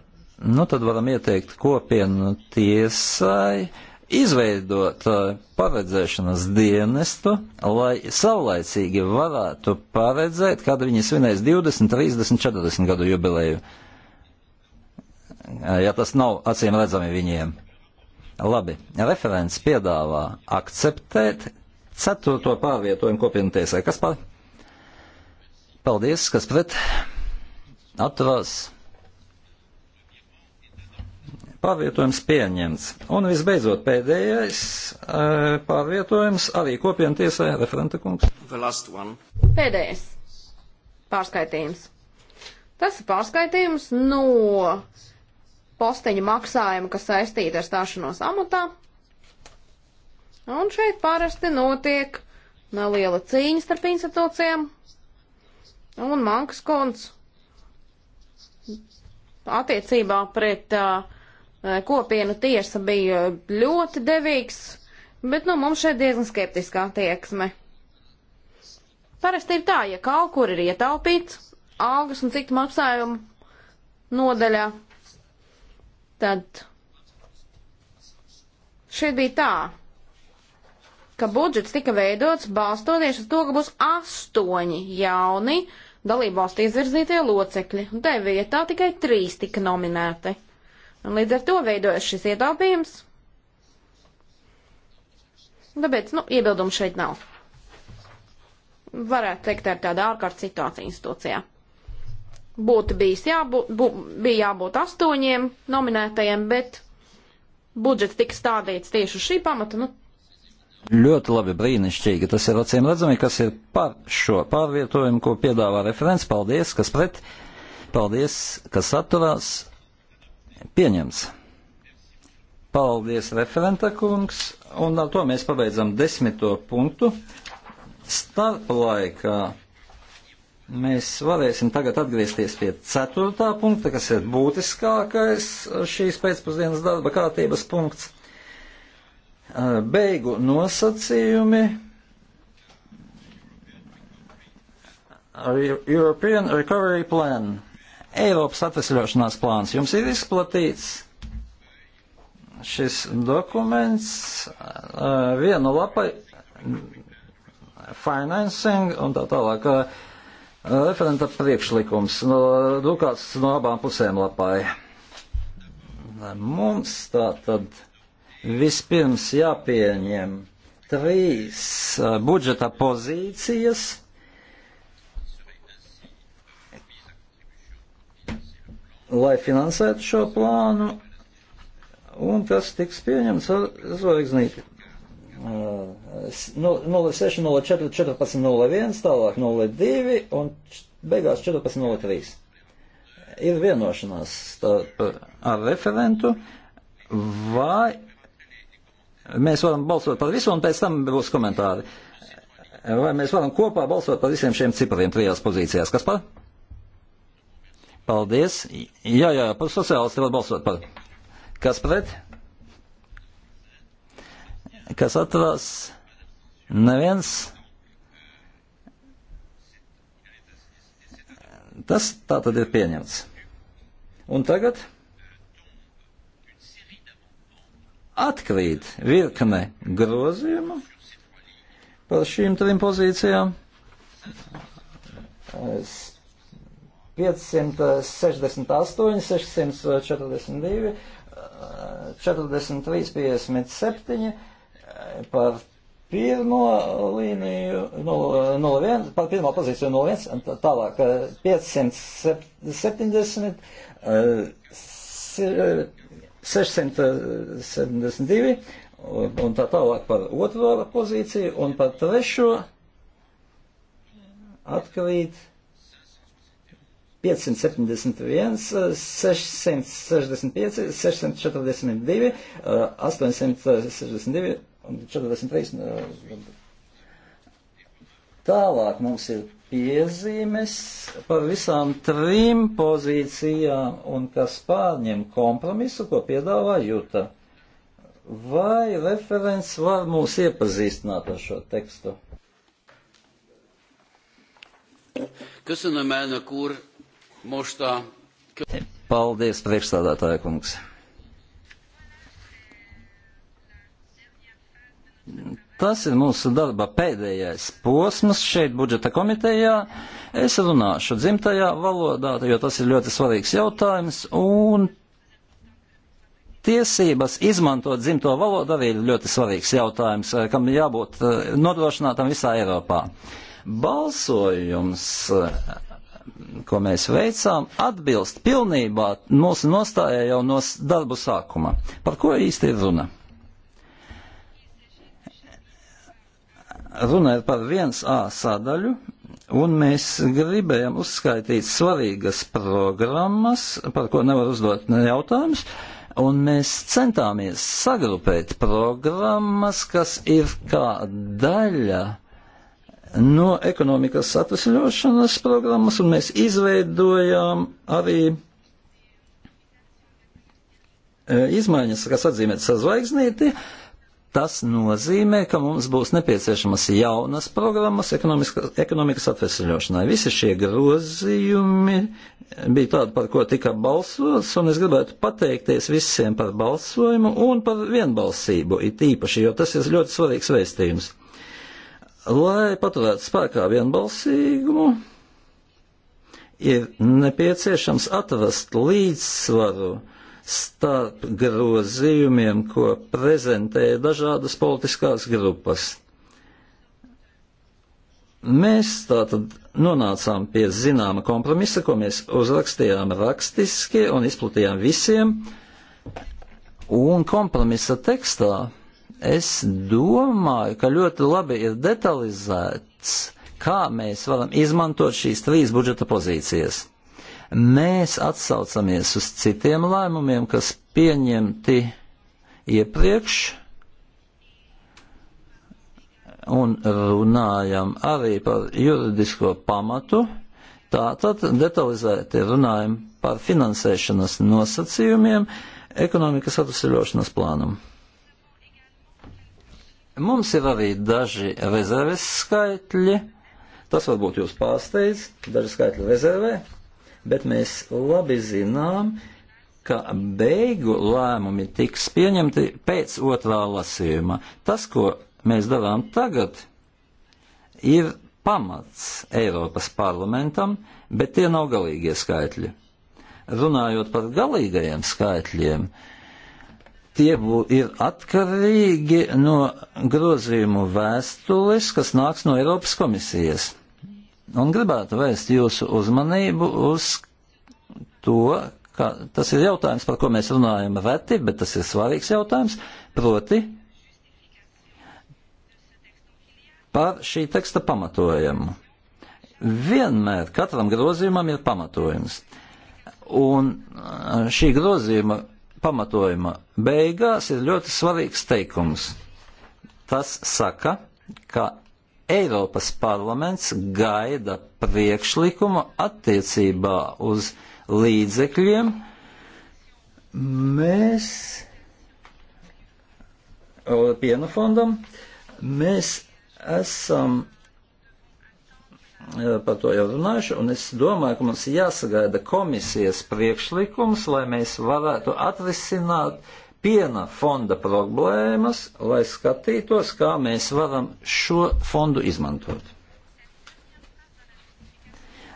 Nu, tad varam ieteikt kopienu tiesai izveidot uh, paredzēšanas dienestu, lai savlaicīgi varētu paredzēt, kad viņi svinēs 20, 30, 40 gadu jubileju. Uh, ja tas nav acīm redzami viņiem. Labi, referents piedāvā akceptēt ceturto pārvietojumu kopienu tiesai. Kas par? Paldies, kas pret? Atturās pārvietojums pieņemts. Un visbeidzot pēdējais e, pārvietojums arī kopienu tiesai referenta kungs. Pēdējais pārskaitījums. Tas ir pārskaitījums no posteņa maksājuma, kas saistīta ar stāšanos amatā. Un šeit parasti notiek neliela cīņa starp institūcijām un mankas konts attiecībā pret uh, Eh, kopienu tiesa bija ļoti devīgs, bet nu, mums šeit diezgan skeptiska attieksme. Parasti ir tā, ja kaut kur ir ietaupīts algas un citu maksājumu nodaļā, tad šeit bija tā, ka budžets tika veidots balstoties uz to, ka būs astoņi jauni dalībvalstu izvirzītie locekļi, un te vietā tikai trīs tika nominēti. Un līdz ar to veidojas šis ietaupījums. Tāpēc, nu, iebildumu šeit nav. Varētu teikt, tā ir tāda ārkārtas situācija institūcijā. Būtu bijis jābūt, bū, bija jābūt astoņiem nominētajiem, bet budžets tika stādīts tieši uz šī pamata, nu, Ļoti labi, brīnišķīgi. Tas ir acīm redzami, kas ir par šo pārvietojumu, ko piedāvā referents. Paldies, kas pret, paldies, kas atturās. Pieņems. Paldies, referenta kungs. Un ar to mēs pabeidzam desmito punktu. Starplaikā mēs varēsim tagad atgriezties pie ceturtā punkta, kas ir būtiskākais šīs pēcpusdienas darba kārtības punkts. Beigu nosacījumi. European Recovery Plan. Eiropas atvesļošanās plāns. Jums ir izplatīts šis dokuments vienu lapai financing un tā tālāk. Referenta priekšlikums, no, drukāts no abām pusēm lapai. Mums tā tad vispirms jāpieņem trīs budžeta pozīcijas lai finansētu šo plānu, un tas tiks pieņemts ar zvaigznīti. 06, 04, 14, 01, tālāk 02 un beigās 14, 03. Ir vienošanās starp, uh, ar referentu, vai mēs varam balsot par visu, un pēc tam būs komentāri. Vai mēs varam kopā balsot par visiem šiem cipariem trijās pozīcijās? Kas par? Paldies. Jā, jā, par sociālistu var balsot par. Kas pret? Kas atturās? Neviens. Tas tā tad ir pieņemts. Un tagad atkrīt virkne grozījumu par šīm trim pozīcijām. Es 568, 642, 43, 57 par pirmo līniju, 01, nu, par pirmo pozīciju 01, tālāk 570, 672 un tā tālāk par otro pozīciju un par trešo atkrīt 571, 665, 642, 862 un 43. Nu, Tālāk mums ir piezīmes par visām trim pozīcijām un kas pārņem kompromisu, ko piedāvā Juta. Vai referents var mūs iepazīstināt ar šo tekstu? Köszönöm, elnök úr! Most a... Paldies, priekšstādātāja kungs. Tas ir mūsu darba pēdējais posms šeit budžeta komitejā. Es runāšu dzimtajā valodā, jo tas ir ļoti svarīgs jautājums, un tiesības izmantot dzimto valodu arī ir ļoti svarīgs jautājums, eh, kam jābūt eh, nodrošinātam visā Eiropā. Balsojums eh, ko mēs veicām, atbilst pilnībā mūsu nostājai jau no darbu sākuma. Par ko īsti ir runa? Runa ir par 1A sadaļu, un mēs gribējam uzskaitīt svarīgas programmas, par ko nevar uzdot jautājumus, un mēs centāmies sagrupēt programmas, kas ir kā daļa no ekonomikas atvesļošanas programmas, un mēs izveidojām arī e, izmaiņas, kas atzīmētas ar zvaigznīti. Tas nozīmē, ka mums būs nepieciešamas jaunas programmas ekonomikas atvesļošanai. Visi šie grozījumi bija tādi, par ko tika balsots, un es gribētu pateikties visiem par balsojumu un par vienbalsību, it īpaši, jo tas ir ļoti svarīgs vēstījums. Lai paturētu spēkā vienbalsīgumu, ir nepieciešams atrast līdzsvaru starp grozījumiem, ko prezentē dažādas politiskās grupas. Mēs tātad nonācām pie zināma kompromisa, ko mēs uzrakstījām rakstiski un izplatījām visiem, un kompromisa tekstā Es domāju, ka ļoti labi ir detalizēts, kā mēs varam izmantot šīs trīs budžeta pozīcijas. Mēs atsaucamies uz citiem lēmumiem, kas pieņemti iepriekš, un runājam arī par juridisko pamatu. Tātad detalizēti runājam par finansēšanas nosacījumiem ekonomikas atvesaļošanas plānam. Mums ir arī daži rezerves skaitļi. Tas varbūt jūs pārsteidz, daži skaitļi rezervē, bet mēs labi zinām, ka beigu lēmumi tiks pieņemti pēc otrā lasījuma. Tas, ko mēs darām tagad, ir pamats Eiropas parlamentam, bet tie nav galīgie skaitļi. Runājot par galīgajiem skaitļiem, uh, tie bū, ir atkarīgi no grozījumu vēstules, kas nāks no Eiropas komisijas. Un gribētu vēst jūsu uzmanību uz to, ka tas ir jautājums, par ko mēs runājam reti, bet tas ir svarīgs jautājums, proti par šī teksta pamatojumu. Vienmēr katram grozījumam ir pamatojums. Un šī grozījuma pamatojuma beigās ir ļoti svarīgs teikums. Tas saka, ka Eiropas parlaments gaida priekšlikumu attiecībā uz līdzekļiem. Mēs piena fondam, mēs esam par to jau runājuši, un es domāju, ka mums jāsagaida komisijas priekšlikums, lai mēs varētu atrisināt piena fonda problēmas, lai skatītos, kā mēs varam šo fondu izmantot.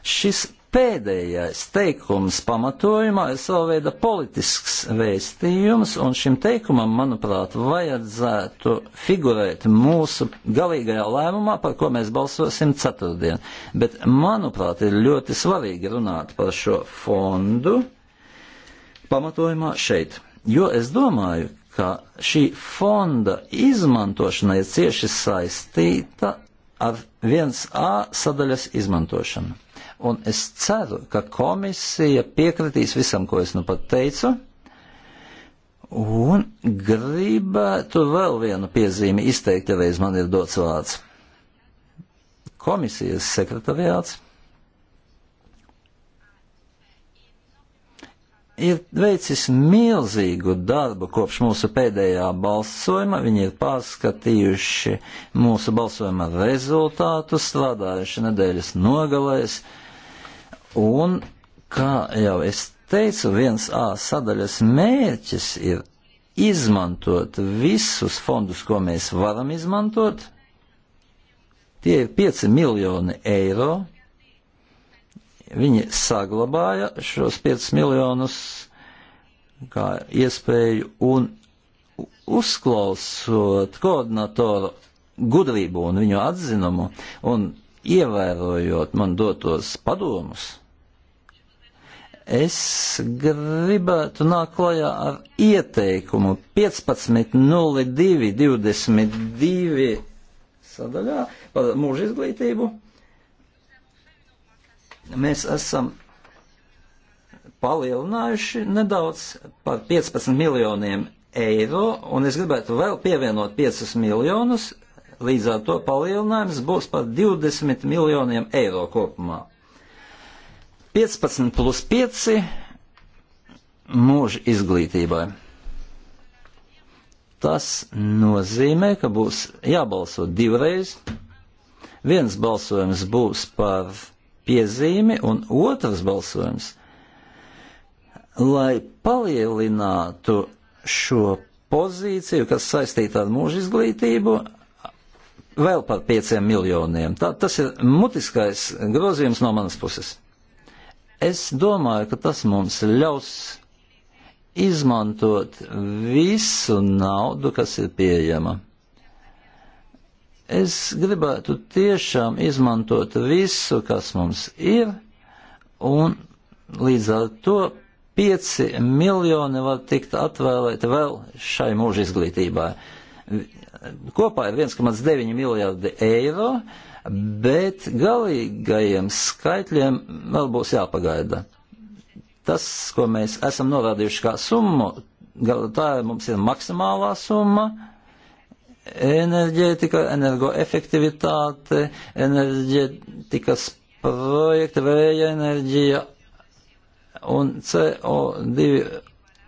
Šis pēdējais teikums pamatojumā ir sava veida politisks vēstījums, un šim teikumam, manuprāt, vajadzētu figurēt mūsu galīgajā lēmumā, par ko mēs balsosim ceturtdien. Bet, manuprāt, ir ļoti svarīgi runāt par šo fondu pamatojumā šeit, jo es domāju, ka šī fonda izmantošana ir cieši saistīta ar 1A sadaļas izmantošanu un es ceru, ka komisija piekritīs visam, ko es nu pat teicu. Un gribētu vēl vienu piezīmi izteikt, ja reiz man ir dots vārds. Komisijas sekretariāts ir veicis milzīgu darbu kopš mūsu pēdējā balsojuma. Viņi ir pārskatījuši mūsu balsojuma rezultātus, strādājuši nedēļas nogalēs. Uh, Un, kā jau es teicu, viens A sadaļas mērķis ir izmantot visus fondus, ko mēs varam izmantot. Tie ir 5 miljoni eiro. Viņi saglabāja šos 5 miljonus kā iespēju un uzklausot koordinatoru gudrību un viņu atzinumu un ievērojot man dotos padomus Es gribētu nākt klajā ar ieteikumu 15.02.22 sadaļā par mūža izglītību. Mēs esam palielinājuši nedaudz par 15 miljoniem eiro, un es gribētu vēl pievienot 5 miljonus, līdz ar to palielinājums būs par 20 miljoniem eiro kopumā. 15 plus 5 mūža izglītībai. Tas nozīmē, ka būs jābalso divreiz. Viens balsojums būs par piezīmi un otrs balsojums, lai palielinātu šo pozīciju, kas saistīta ar mūža izglītību, vēl par pieciem miljoniem. Tā, tas ir mutiskais grozījums no manas puses. Es domāju, ka tas mums ļaus izmantot visu naudu, kas ir pieejama. Es gribētu tiešām izmantot visu, kas mums ir, un līdz ar to 5 miljoni var tikt atvēlēti vēl šai mūža izglītībai. Kopā ir 1,9 miljardi eiro, uh, bet galīgajiem skaitļiem vēl būs jāpagaida. Tas, ko mēs esam novērtījuši kā summu, tā mums ir maksimālā summa, enerģētika, energoefektivitāte, enerģētikas projekti, vēja enerģija un CO2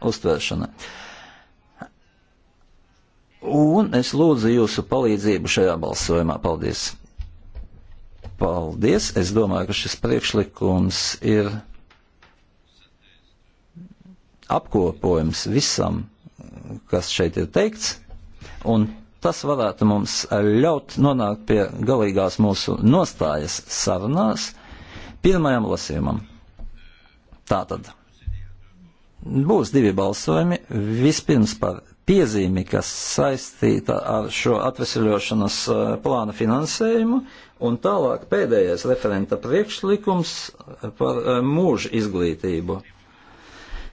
uztvēršana. Un es lūdzu jūsu palīdzību šajā balsojumā. Paldies! Paldies! Es domāju, ka šis priekšlikums ir apkopojums visam, kas šeit ir teikts, un tas varētu mums ļaut nonākt pie galīgās mūsu nostājas sarunās pirmajam lasījumam. Tātad būs divi balsojumi. Vispirms par piezīmi, kas saistīta ar šo atvesļošanas eh, plāna finansējumu, un tālāk pēdējais referenta priekšlikums eh, par eh, mūža izglītību.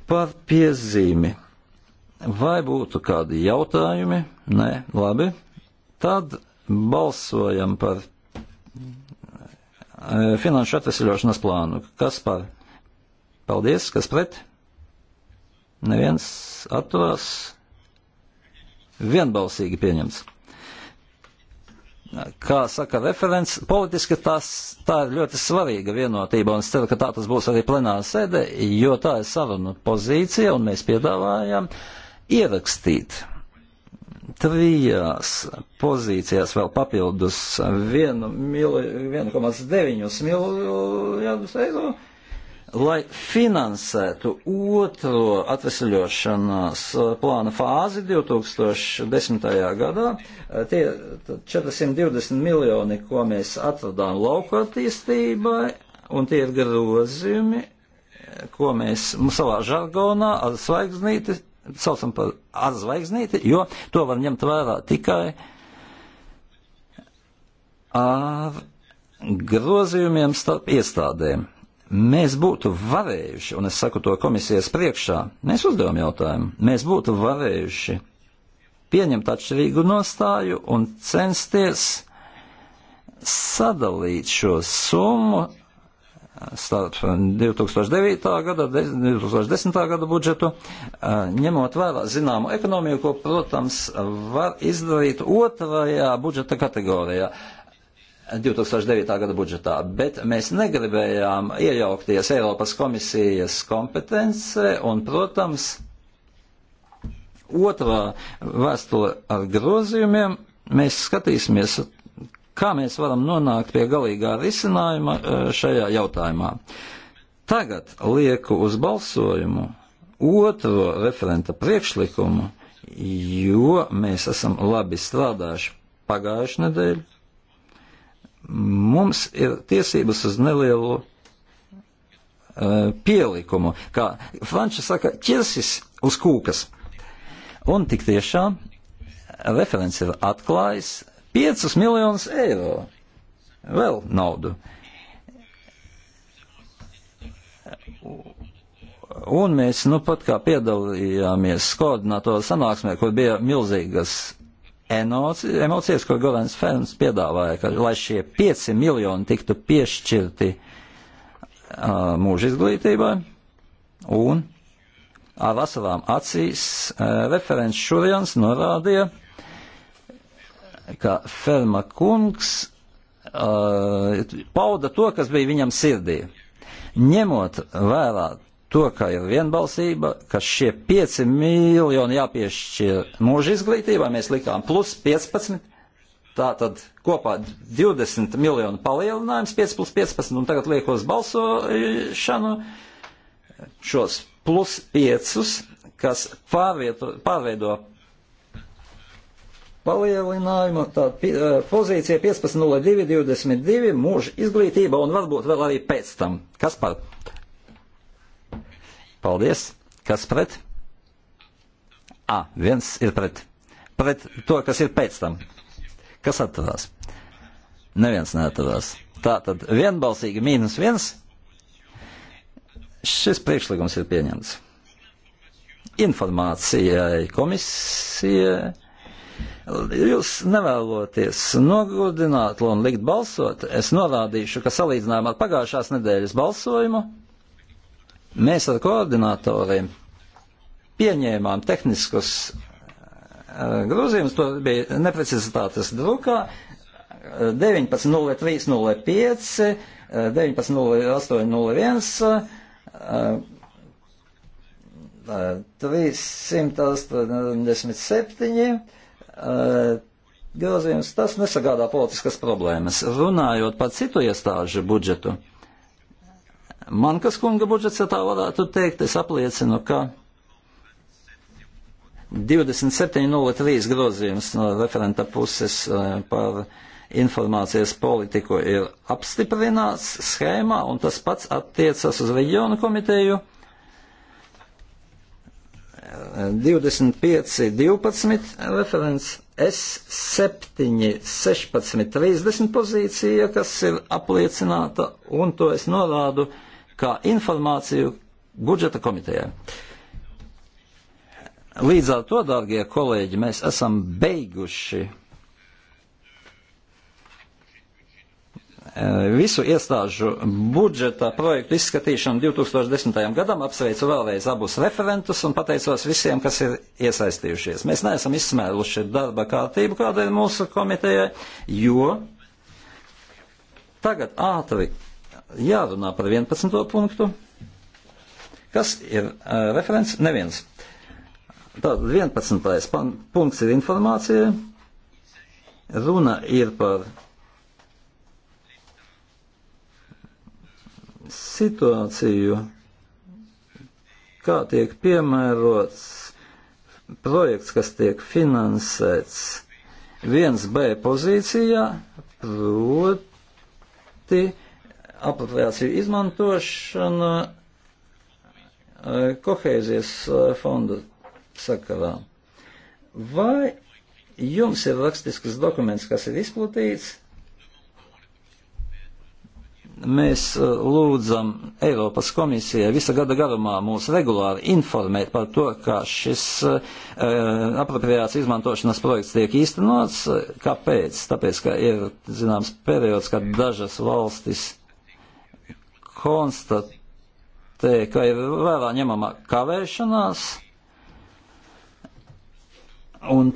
Par piezīmi. Vai būtu kādi jautājumi? Nē, labi. Tad balsojam par finanšu atvesļošanas plānu. Kas par? Paldies, kas pret? Neviens atturās vienbalsīgi pieņemts. Kā saka referents, politiski tas, tā ir ļoti svarīga vienotība, un es ceru, ka tā tas būs arī plenāra sēde, jo tā ir saruna pozīcija, un mēs piedāvājam ierakstīt trijās pozīcijās vēl papildus 1,9 miljardus eiro lai finansētu otro atvesļošanās eh, plāna fāzi 2010. gadā. Eh, tie 420 miljoni, ko mēs atradām lauku attīstībai, un tie ir grozījumi, eh, ko mēs savā žargonā ar zvaigznīti saucam par atzvaigznīti, jo to var ņemt vērā tikai ar grozījumiem starp iestādēm mēs būtu varējuši, un es saku to komisijas priekšā, mēs uzdevam jautājumu, mēs būtu varējuši pieņemt atšķirīgu nostāju un censties sadalīt šo summu starp 2009. gada, 2010. gada budžetu, ņemot vērā zināmu ekonomiju, ko, protams, var izdarīt otrajā budžeta kategorijā. 2009. gada budžetā, bet mēs negribējām iejaukties Eiropas komisijas kompetence un, protams, otrā vēstule ar grozījumiem mēs skatīsimies, kā mēs varam nonākt pie galīgā risinājuma eh, šajā jautājumā. Tagad lieku uz balsojumu otro referenta priekšlikumu, jo mēs esam labi strādājuši pagājušajā nedēļā mums ir tiesības uz nelielu uh, pielikumu, kā Franči saka, ķersis uz kūkas. Un tik tiešām referents ir atklājis 5 miljonus eiro vēl naudu. Un mēs nu pat kā piedalījāmies koordinatoru sanāksmē, kur bija milzīgas emocijas, ko Govens Ferns piedāvāja, ka, lai šie 5 miljoni tiktu piešķirti uh, mūža izglītībai un ar vasarām acīs uh, referents Šurjans norādīja, ka Ferma kungs uh, pauda to, kas bija viņam sirdī. Ņemot vērā to, ka ir vienbalsība, ka šie 5 miljoni jāpiešķir mūža izglītībai, mēs likām plus 15, tā tad kopā 20 miljonu palielinājums, 5 plus 15, un tagad liekos balsošanu šos plus 5, kas pārvieto, pārveido palielinājumu, tā pozīcija 15.02.22, mūža izglītība un varbūt vēl arī pēc tam. Kas par? Paldies. Kas pret? A, viens ir pret. Pret to, kas ir pēc tam. Kas atturās? Neviens neatturās. Tā tad vienbalsīgi mīnus viens. Šis priekšlikums ir pieņemts. Informācijai komisijai. Jūs nevēloties nogodināt un likt balsot, es norādīšu, ka salīdzinājumā ar pagājušās nedēļas balsojumu Mēs ar koordinatoriem pieņēmām tehniskus eh, grozījumus, to bija neprecizitātes drukā 19.03.05, 19.08.01. 387 grozījums, tas nesagādā politiskas problēmas. Runājot par citu iestāžu budžetu, Man, kas kunga budžets, ja tā varētu teikt, es apliecinu, ka 27.03 grozījums no referenta puses eh, par informācijas politiku ir apstiprināts schēmā, un tas pats attiecas uz reģionu komiteju. 25.12 eh, referents S7.16.30 pozīcija, kas ir apliecināta, un to es norādu kā informāciju budžeta komitejai. Līdz ar to, dārgie kolēģi, mēs esam beiguši eh, visu iestāžu budžeta projektu izskatīšanu 2010. gadam. Apsveicu vēlreiz abus referentus un pateicos visiem, kas ir iesaistījušies. Mēs neesam izsmēluši darba kārtību, kāda ir mūsu komitejai, jo tagad ātri jārunā par 11. punktu. Kas ir uh, referents? Neviens. Tātad 11. Pan, punkts ir informācija. Runa ir par situāciju, kā tiek piemērots projekts, kas tiek finansēts 1B pozīcijā, proti aplikāciju izmantošana eh, kohēzijas eh, fondu sakarā. Vai jums ir rakstisks dokuments, kas ir izplatīts? Mēs eh, lūdzam Eiropas komisijai visa gada garumā mūs regulāri informēt par to, kā šis uh, apropriācijas izmantošanas projekts tiek īstenots. Kāpēc? Tāpēc, ka ir, zināms, periods, kad dažas valstis uh, konstatē, ka ir vērā ņemama kavēšanās, un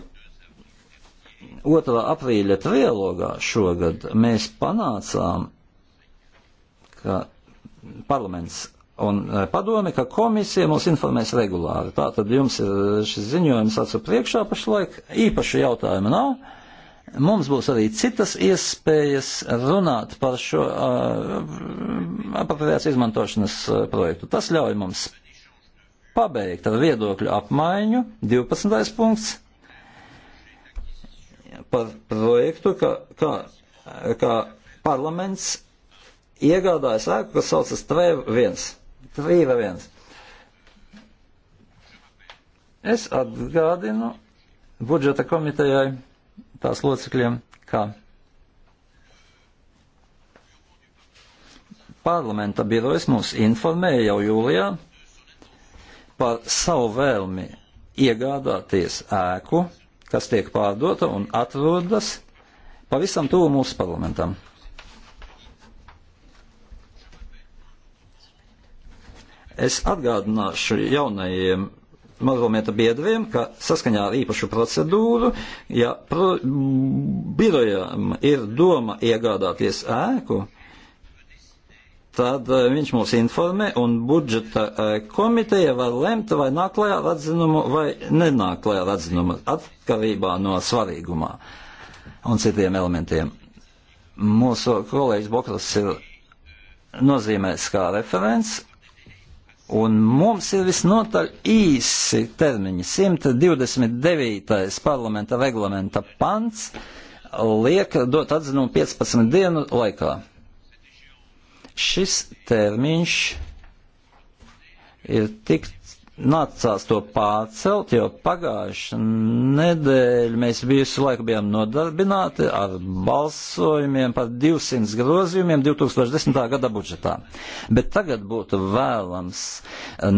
2. aprīļa trilogā šogad mēs panācām, ka parlaments un eh, padomi, ka komisija mūs informēs regulāri. Tātad jums ir eh, šis ziņojums acu priekšā pašlaik, īpaši jautājumi nav. Mums būs arī citas iespējas runāt par šo uh, apapriāts izmantošanas projektu. Tas ļauj mums pabeigt ar viedokļu apmaiņu 12. punkts par projektu, kā, kā, kā parlaments iegādājas ēku, kas saucas Trēva 1. Trīva 1. Es atgādinu budžeta komitejai tās locekļiem, ka parlamenta birojas mūs informēja jau jūlijā par savu vēlmi iegādāties ēku, kas tiek pārdota un atrodas pavisam tuvu mūsu parlamentam. Es atgādināšu jaunajiem mazumietu biedriem, ka saskaņā ar īpašu procedūru, ja pro, birojam ir doma iegādāties ēku, tad eh, viņš mūs informē un budžeta eh, komiteja var lemt, vai nāk klajā ar atzinumu, vai nenāk klajā ar atzinumu, atkarībā no svarīgumā un citiem elementiem. Mūsu kolēģis Bokras ir nozīmēts kā referents, Un mums ir visnotaļ īsi termiņi. 129. parlamenta reglamenta pants liek dot atzinumu 15 dienu laikā. Šis termiņš ir tik nācās to pārcelt, jo pagājušā nedēļa mēs visu laiku bijām nodarbināti ar balsojumiem par 200 grozījumiem 2010. gada budžetā. Bet tagad būtu vēlams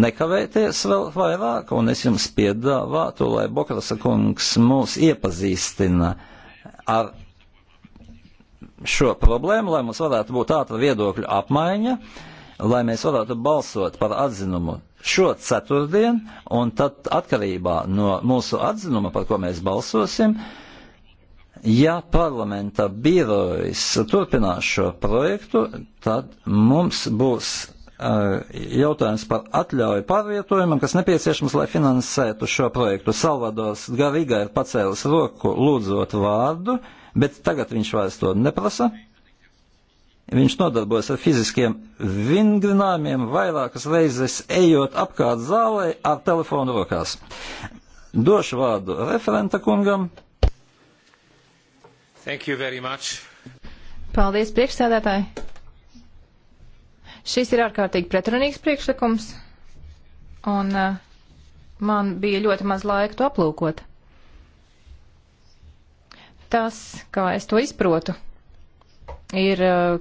nekavēties vēl vairāk, un es jums piedāvātu, lai Bokrasa kungs mūs iepazīstina ar šo problēmu, lai mums varētu būt ātra viedokļu apmaiņa. Uh, lai mēs varētu balsot par atzinumu šo ceturtdienu, un tad atkarībā no mūsu atzinuma, par ko mēs balsosim, ja parlamenta birojas turpinās šo projektu, tad mums būs uh, jautājums par atļauju pārvietojumam, kas nepieciešams, lai finansētu šo projektu. Salvadors Garīga ir pacēlis roku lūdzot vārdu, bet tagad viņš vairs to neprasa. Viņš nodarbojas ar fiziskiem vingrinājumiem, vairākas reizes ejot apkārt zālē ar telefonu rokās. Došu vārdu referenta kungam. Thank you very much. Paldies, priekšsēdētāji. Šis ir ārkārtīgi pretrunīgs priekšlikums, un uh, man bija ļoti maz laika to aplūkot. Tas, kā es to izprotu, ir uh,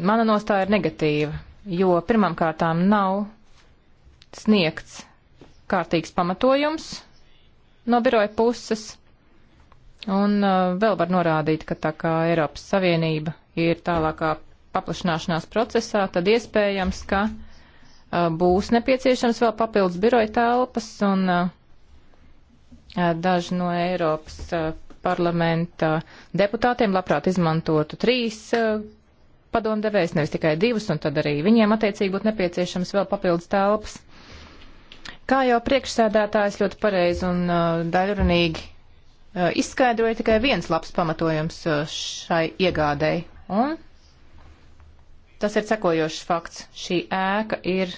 Mana nostāja ir negatīva, jo pirmkārtām nav sniegts kārtīgs pamatojums no biroja puses, un uh, vēl var norādīt, ka tā kā Eiropas Savienība ir tālākā paplašināšanās procesā, tad iespējams, ka uh, būs nepieciešams vēl papildus biroja telpas, un uh, uh daži no Eiropas uh, parlamenta deputātiem labprāt izmantotu trīs uh, padomdevējs, nevis tikai divus, un tad arī viņiem attiecīgi būtu nepieciešams vēl papildus telpas. Kā jau priekšsēdētājs ļoti pareizi un uh, daļrunīgi uh, izskaidroja tikai viens labs pamatojums uh, šai iegādēji, un tas ir sekojošs fakts. Šī ēka ir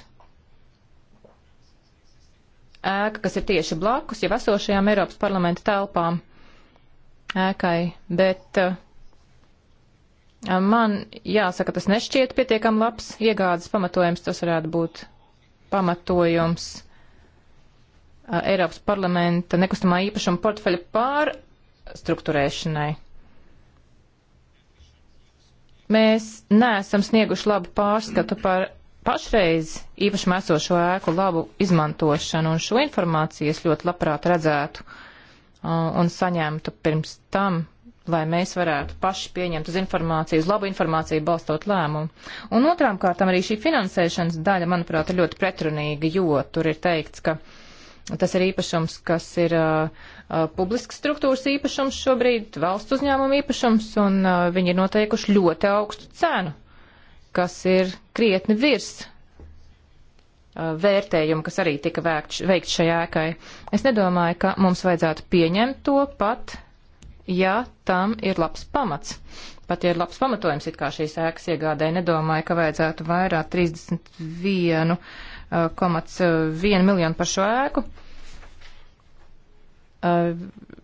ēka, kas ir tieši blakus jau esošajām Eiropas parlamenta telpām ēkai, bet uh, Man jāsaka, tas nešķiet pietiekam labs iegādes pamatojums, tas varētu būt pamatojums Eiropas parlamenta nekustamā īpašuma portfeļa pārstruktūrēšanai. Mēs neesam snieguši labu pārskatu par pašreiz īpašumā esošo ēku labu izmantošanu, un šo informāciju es ļoti labprāt redzētu un saņemtu pirms tam lai mēs varētu paši pieņemt uz informāciju, uz labu informāciju balstot lēmumu. Un otrām kārtām arī šī finansēšanas daļa, manuprāt, ir ļoti pretrunīga, jo tur ir teikts, ka tas ir īpašums, kas ir uh, uh, publisks struktūras īpašums šobrīd, valsts uzņēmuma īpašums, un uh, viņi ir noteikuši ļoti augstu cenu, kas ir krietni virs uh, vērtējumu, kas arī tika veikt šai ēkai. Es nedomāju, ka mums vajadzētu pieņemt to pat ja tam ir labs pamats. Pat ja ir labs pamatojums, it kā šīs ēkas iegādēji nedomāju, ka vajadzētu vairāk 31,1 uh, uh, miljonu par šo ēku. Uh,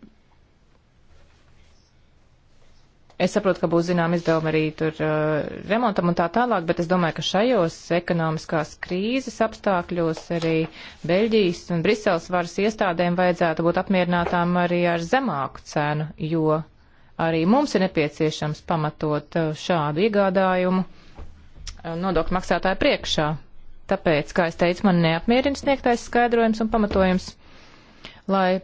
Es saprotu, ka būs zinām izdevumi arī tur uh, remontam un tā tālāk, bet es domāju, ka šajos ekonomiskās krīzes apstākļos arī Beļģijas un Briseles varas iestādēm vajadzētu būt apmierinātām arī ar zemāku cenu, jo arī mums ir nepieciešams pamatot uh, šādu iegādājumu uh, nodokļu maksātāju priekšā. Tāpēc, kā es teicu, man neapmierina sniegtais skaidrojums un pamatojums, lai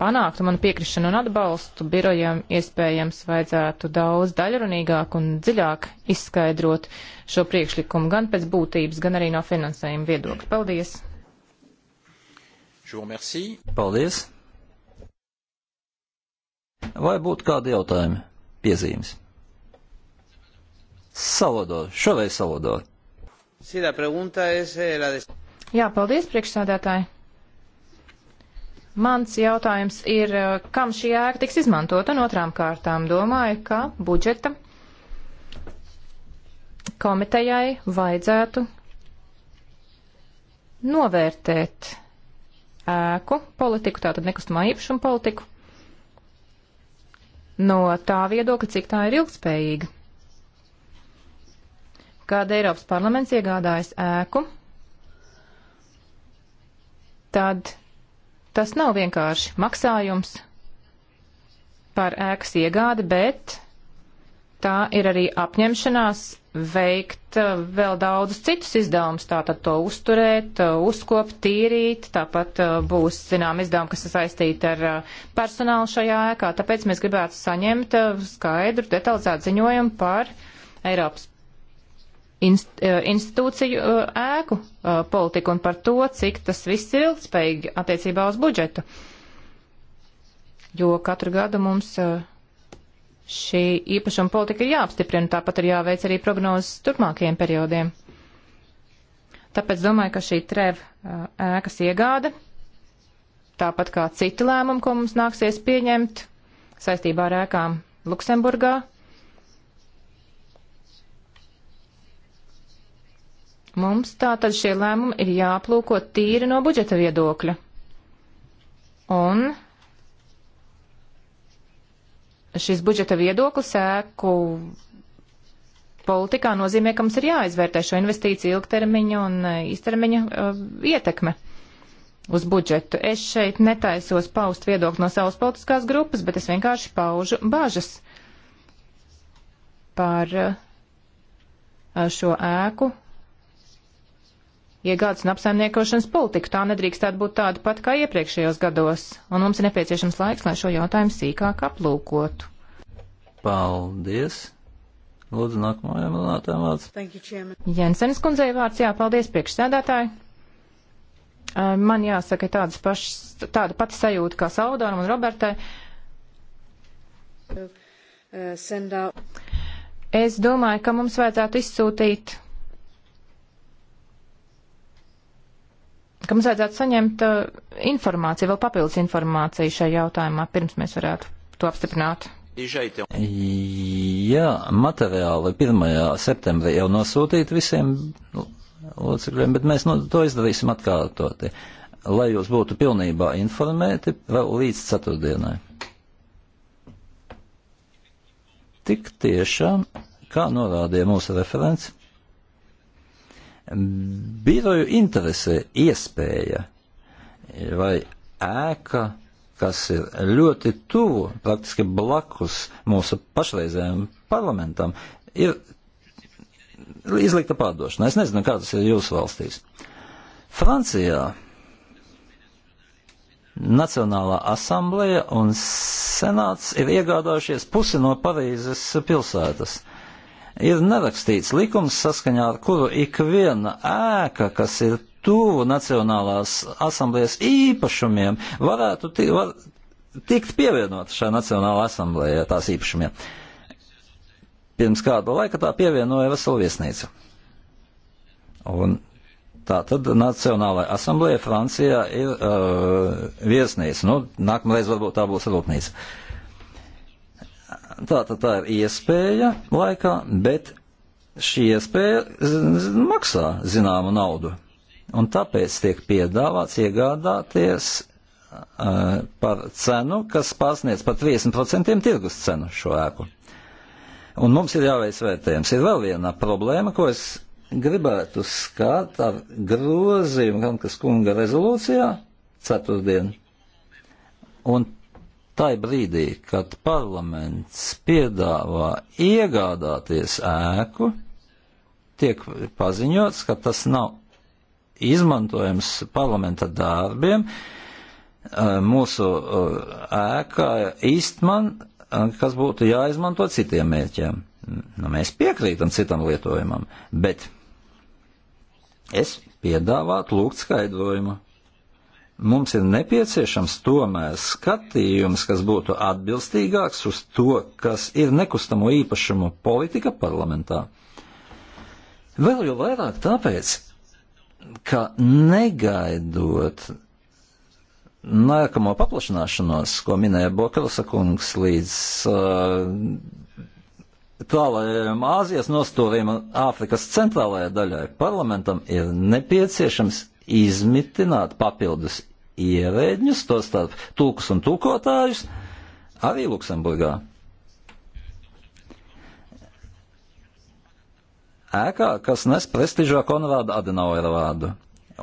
panāktu manu piekrišanu un atbalstu, birojam iespējams vajadzētu daudz daļrunīgāk un dziļāk izskaidrot šo priekšlikumu gan pēc būtības, gan arī no finansējuma viedokļa. Paldies! Paldies! Vai būtu kādi jautājumi, piezīmes? Salvador, šovai Salvador. Eh, Jā, paldies, priekšsādātāji. Mans jautājums ir, eh, kam šī ēka tiks izmantota? Un otrām kārtām domāju, ka budžeta komitejai vajadzētu novērtēt ēku politiku, tātad nekustamā īpašuma politiku, no tā viedokļa, cik tā ir ilgspējīga. Kad Eiropas parlaments iegādājas ēku, tad Tas nav vienkārši maksājums par ēkas iegādi, bet tā ir arī apņemšanās veikt uh, vēl daudzus citus izdevumus, tātad to uzturēt, uh, uzkopt, tīrīt, tāpat uh, būs, zinām, izdevumi, kas saistīti ar personālu šajā ēkā, tāpēc mēs gribētu saņemt skaidru, detalizētu ziņojumu par Eiropas Eh, institūciju eh, ēku eh, politiku un par to, cik tas viss ir ilgspējīgi attiecībā uz budžetu. Jo katru gadu mums šī īpašuma politika ir jāapstiprina, tāpat ir jāveic arī prognozes turpmākajiem periodiem. Tāpēc domāju, ka šī trev ēkas iegāde, tāpat kā citi lēmumi, ko mums nāksies pieņemt saistībā ar ēkām Luksemburgā, Mums tātad šie lēmumi ir jāplūko tīri no budžeta viedokļa. Un šis budžeta viedoklis sēku politikā nozīmē, ka mums ir jāizvērtē šo investīciju ilgtermiņa un e, īstermiņa uh, ietekme uz budžetu. Es šeit netaisos paust viedokli no savas politiskās grupas, bet es vienkārši paužu bažas par e, šo ēku iegādes un apsaimniekošanas politiku. Tā nedrīkstētu būt tāda pat kā iepriekšējos gados, un mums ir nepieciešams laiks, lai šo jautājumu sīkāk aplūkotu. Paldies! Lūdzu, nākamajam runātājam vārds. Jensenis kundzei vārds, jā, paldies priekšsēdētāji. Man jāsaka tādas pašas, tāda pati sajūta kā Saudoram un Robertai. Uh, es domāju, ka mums vajadzētu izsūtīt ka mums vajadzētu saņemt uh, informāciju, vēl papildus informāciju šajā jautājumā, pirms mēs varētu to apstiprināt. Jā, materiāli 1. septembrī jau nosūtīt visiem locekļiem, bet mēs nu, to izdarīsim atkārtoti, lai jūs būtu pilnībā informēti vēl līdz ceturtdienai. Tik tiešām, kā norādīja mūsu referents Biroju interesē iespēja vai ēka, kas ir ļoti tuvu, praktiski blakus mūsu pašreizējiem parlamentam, ir izlikta pārdošana. Es nezinu, kā tas ir jūsu valstīs. Francijā Nacionālā asambleja un senāts ir iegādājušies pusi no Parīzes pilsētas. Uh, ir nerakstīts likums, saskaņā ar kuru ikviena ēka, kas ir tuvu Nacionālās asamblējas īpašumiem, varētu tikt, var, tikt pievienot šajā Nacionālā asamblējā tās īpašumiem. Pirms kāda laika tā pievienoja veselu viesnīcu. Un tā tad Nacionālajā asamblējā Francijā ir uh, viesnīca. Nu, nākamreiz varbūt tā būs rūpnīca. Uh, Tātad tā ir iespēja laikā, bet šī iespēja maksā zināmu naudu. Un tāpēc tiek piedāvāts iegādāties uh, par cenu, kas pārsniec par 30% tirgus cenu šo ēku. Un mums ir jāveic vērtējums. Ir vēl viena problēma, ko es gribētu skāt ar grozījumu Rankas kunga rezolūcijā ceturtdien. Un tai brīdī, kad parlaments piedāvā iegādāties ēku, tiek paziņots, ka tas nav izmantojams parlamenta darbiem. Mūsu ēkā īstman, kas būtu jāizmanto citiem mērķiem. Nu, mēs piekrītam citam lietojumam, bet es piedāvātu lūgt skaidrojumu Mums ir nepieciešams tomēr skatījums, kas būtu atbilstīgāks uz to, kas ir nekustamo īpašumu politika parlamentā. Vēl jau vairāk tāpēc, ka negaidot nākamo paplašināšanos, ko minēja Bokelsa kungs līdz uh, tālajiem Āzijas nostūriem un Āfrikas centrālajai daļai, parlamentam ir nepieciešams izmitināt papildus ierēģņus, to starp tūkus un tūkotājus, arī Luksemburgā. Ēkā, kas nes prestižo Konrāda Adenauera vārdu.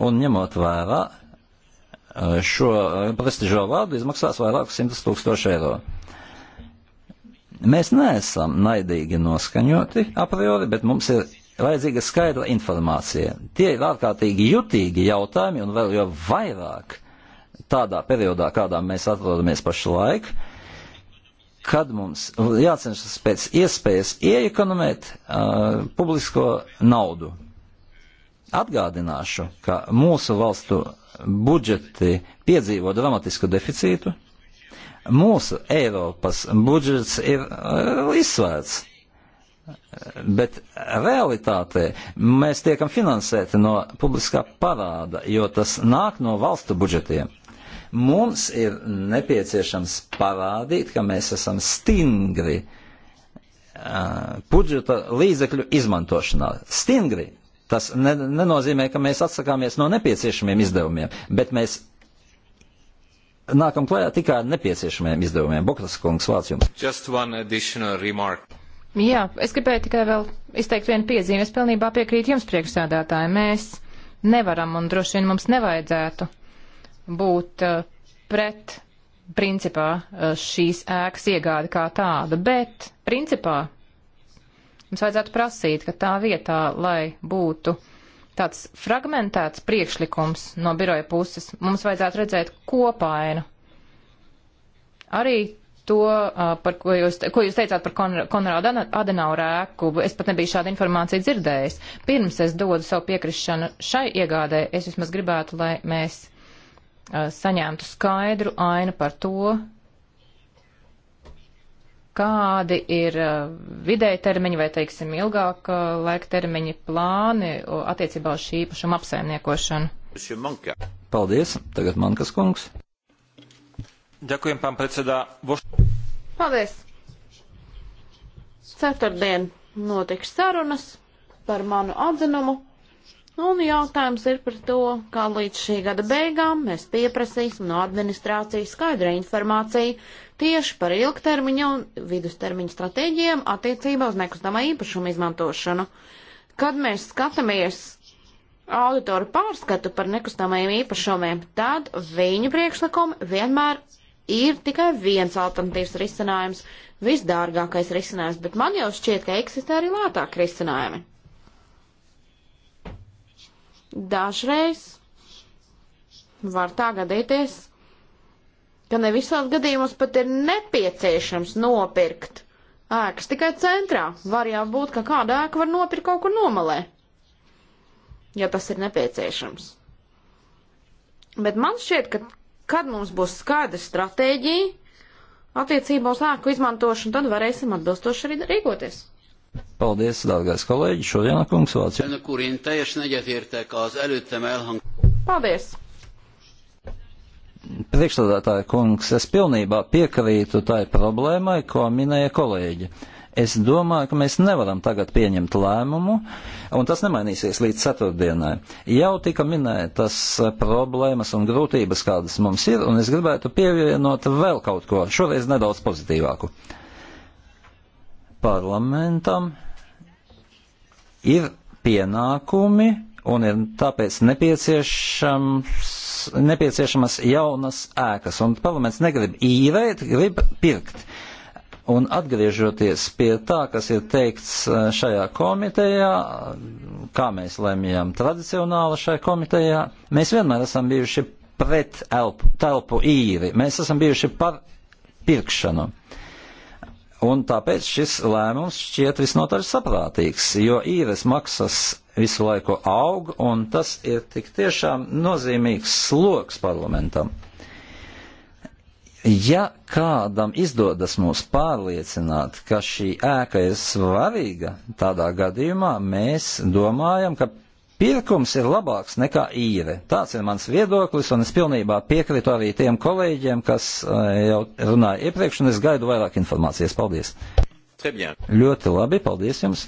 Un ņemot vērā eh, šo prestižo vārdu, izmaksās vairākus simtus tūkstošu eiro. Mēs neesam naidīgi noskaņoti a priori, bet mums ir vajadzīga skaidra informācija. Tie ir ārkārtīgi jutīgi jautājumi un vēl jau vairāk tādā periodā, kādā mēs atrodamies pašlaik, kad mums jācenšas pēc iespējas ieekonomēt uh, publisko naudu. Atgādināšu, ka mūsu valstu budžeti piedzīvo dramatisku deficītu. Mūsu Eiropas budžets ir uh, izsvērts. Bet realitātē mēs tiekam finansēti no publiskā parāda, jo tas nāk no valstu budžetiem. Mums ir nepieciešams parādīt, ka mēs esam stingri uh, budžeta līdzekļu izmantošanā. Stingri. Tas ne, nenozīmē, ka mēs atsakāmies no nepieciešamiem izdevumiem, bet mēs nākam klajā tikai ar nepieciešamiem izdevumiem. Bokras kungs, vārds jums. Jā, es gribēju tikai vēl izteikt vienu piezīmi. Es pilnībā piekrītu jums priekšsēdētāji. Mēs nevaram un droši vien mums nevajadzētu uh, būt eh, pret principā eh, šīs ēkas iegādi kā tāda, bet principā mums vajadzētu prasīt, ka tā vietā, lai būtu tāds fragmentēts priekšlikums no biroja puses, mums vajadzētu redzēt kopainu. Arī to, eh, par ko jūs, ko jūs teicāt par Kon Konrādu Adenauru ēku, es pat nebiju šādu informāciju dzirdējis. Pirms es dodu savu piekrišanu šai iegādē, es vismaz gribētu, lai mēs Uh, saņemtu skaidru ainu par to, kādi ir uh, vidēji termiņi vai, teiksim, ilgāk uh, laika termiņi plāni attiecībā uz šī īpašuma apsaimniekošanu. Paldies. Tagad Mankas kungs. Ďakujem, pán predsedā. Voš... Paldies. Ceturtdien notiks sarunas par manu atzinumu Nu, un jautājums ir par to, kā līdz šī gada beigām mēs pieprasīsim no administrācijas skaidra informāciju tieši par ilgtermiņa un vidustermiņa stratēģiem attiecībā uz nekustamā īpašuma izmantošanu. Kad mēs skatāmies auditoru pārskatu par nekustamajiem īpašumiem, tad viņu priekšlikumi vienmēr ir tikai viens alternatīvs risinājums, visdārgākais risinājums, bet man jau šķiet, ka eksistē arī lētāk risinājumi dažreiz var tā gadīties, ka ne visos gadījumos pat ir nepieciešams nopirkt ēkas tikai centrā. Var jau būt, ka kāda ēka var nopirkt kaut kur nomalē, ja tas ir nepieciešams. Bet man šķiet, ka kad mums būs skaidra stratēģija attiecībā uz ēku izmantošanu, tad varēsim atbilstoši arī rīkoties. Paldies, dārgais kolēģi, šodien kungs vārds. Paldies! Priekšstādātāja kungs, es pilnībā piekrītu tai problēmai, ko minēja kolēģi. Es domāju, ka mēs nevaram tagad pieņemt lēmumu, un tas nemainīsies līdz ceturtdienai. Jau tika minētas problēmas un grūtības, kādas mums ir, un es gribētu pievienot vēl kaut ko, šoreiz nedaudz pozitīvāku. Uh, parlamentam ir pienākumi un ir tāpēc nepieciešamas jaunas ēkas. Un parlaments negrib īrēt, grib pirkt. Un atgriežoties pie tā, kas ir teikts eh, šajā komitejā, kā mēs lemjam tradicionāli šajā komitejā, mēs vienmēr esam bijuši pret elpu, telpu īri. Mēs esam bijuši par pirkšanu. Uh, Un tāpēc šis lēmums šķiet visnotaļ saprātīgs, jo īres maksas visu laiku aug, un tas ir tik tiešām nozīmīgs sloks parlamentam. Ja kādam izdodas mūs pārliecināt, ka šī ēka ir svarīga, tādā gadījumā mēs domājam, ka Pirkums ir labāks nekā īre. Tāds ir mans viedoklis, un es pilnībā piekrītu arī tiem kolēģiem, kas eh, jau runāja iepriekš, un es gaidu vairāk informācijas. Paldies! Ļoti labi, paldies jums!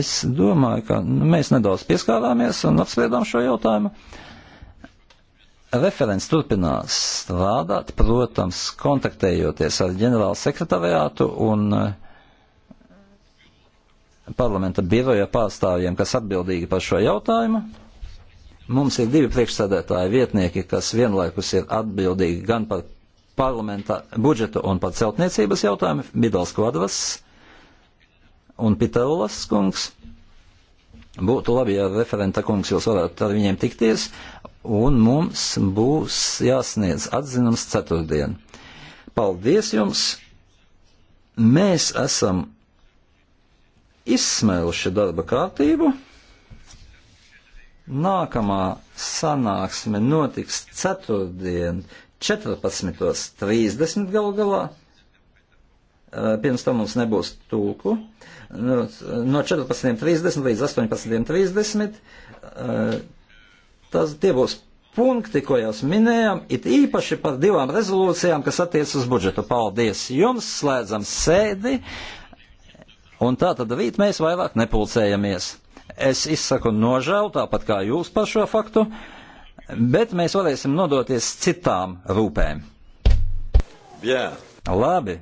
Es domāju, ka nu, mēs nedaudz pieskārāmies un apspriedām šo jautājumu. Referents turpinās strādāt, protams, kontaktējoties ar ģenerālu sekretariātu un uh, parlamenta biroja pārstāvjiem, kas atbildīgi par šo jautājumu. Mums ir divi priekšsēdētāji vietnieki, kas vienlaikus ir atbildīgi gan par parlamenta budžetu un par celtniecības jautājumu, Bidals Kvadras un Pitaulas kungs. Būtu labi, ja referenta kungs jūs varētu ar viņiem tikties, un mums būs jāsniedz atzinums ceturtdien. Paldies jums! Mēs esam izsmēluši darba kārtību. Nākamā sanāksme notiks ceturtdien 14.30 galu galā. Eh, pirms tam mums nebūs tūku. No 14.30 līdz 18.30 eh, tas tie būs punkti, ko jau minējām, it īpaši par divām rezolūcijām, kas attiec uz budžetu. Paldies jums, slēdzam sēdi. Un tā tad rīt mēs vairāk nepulcējamies. Es izsaku nožēlu, tāpat kā jūs par šo faktu, bet mēs varēsim nodoties citām rūpēm. Jā. Labi,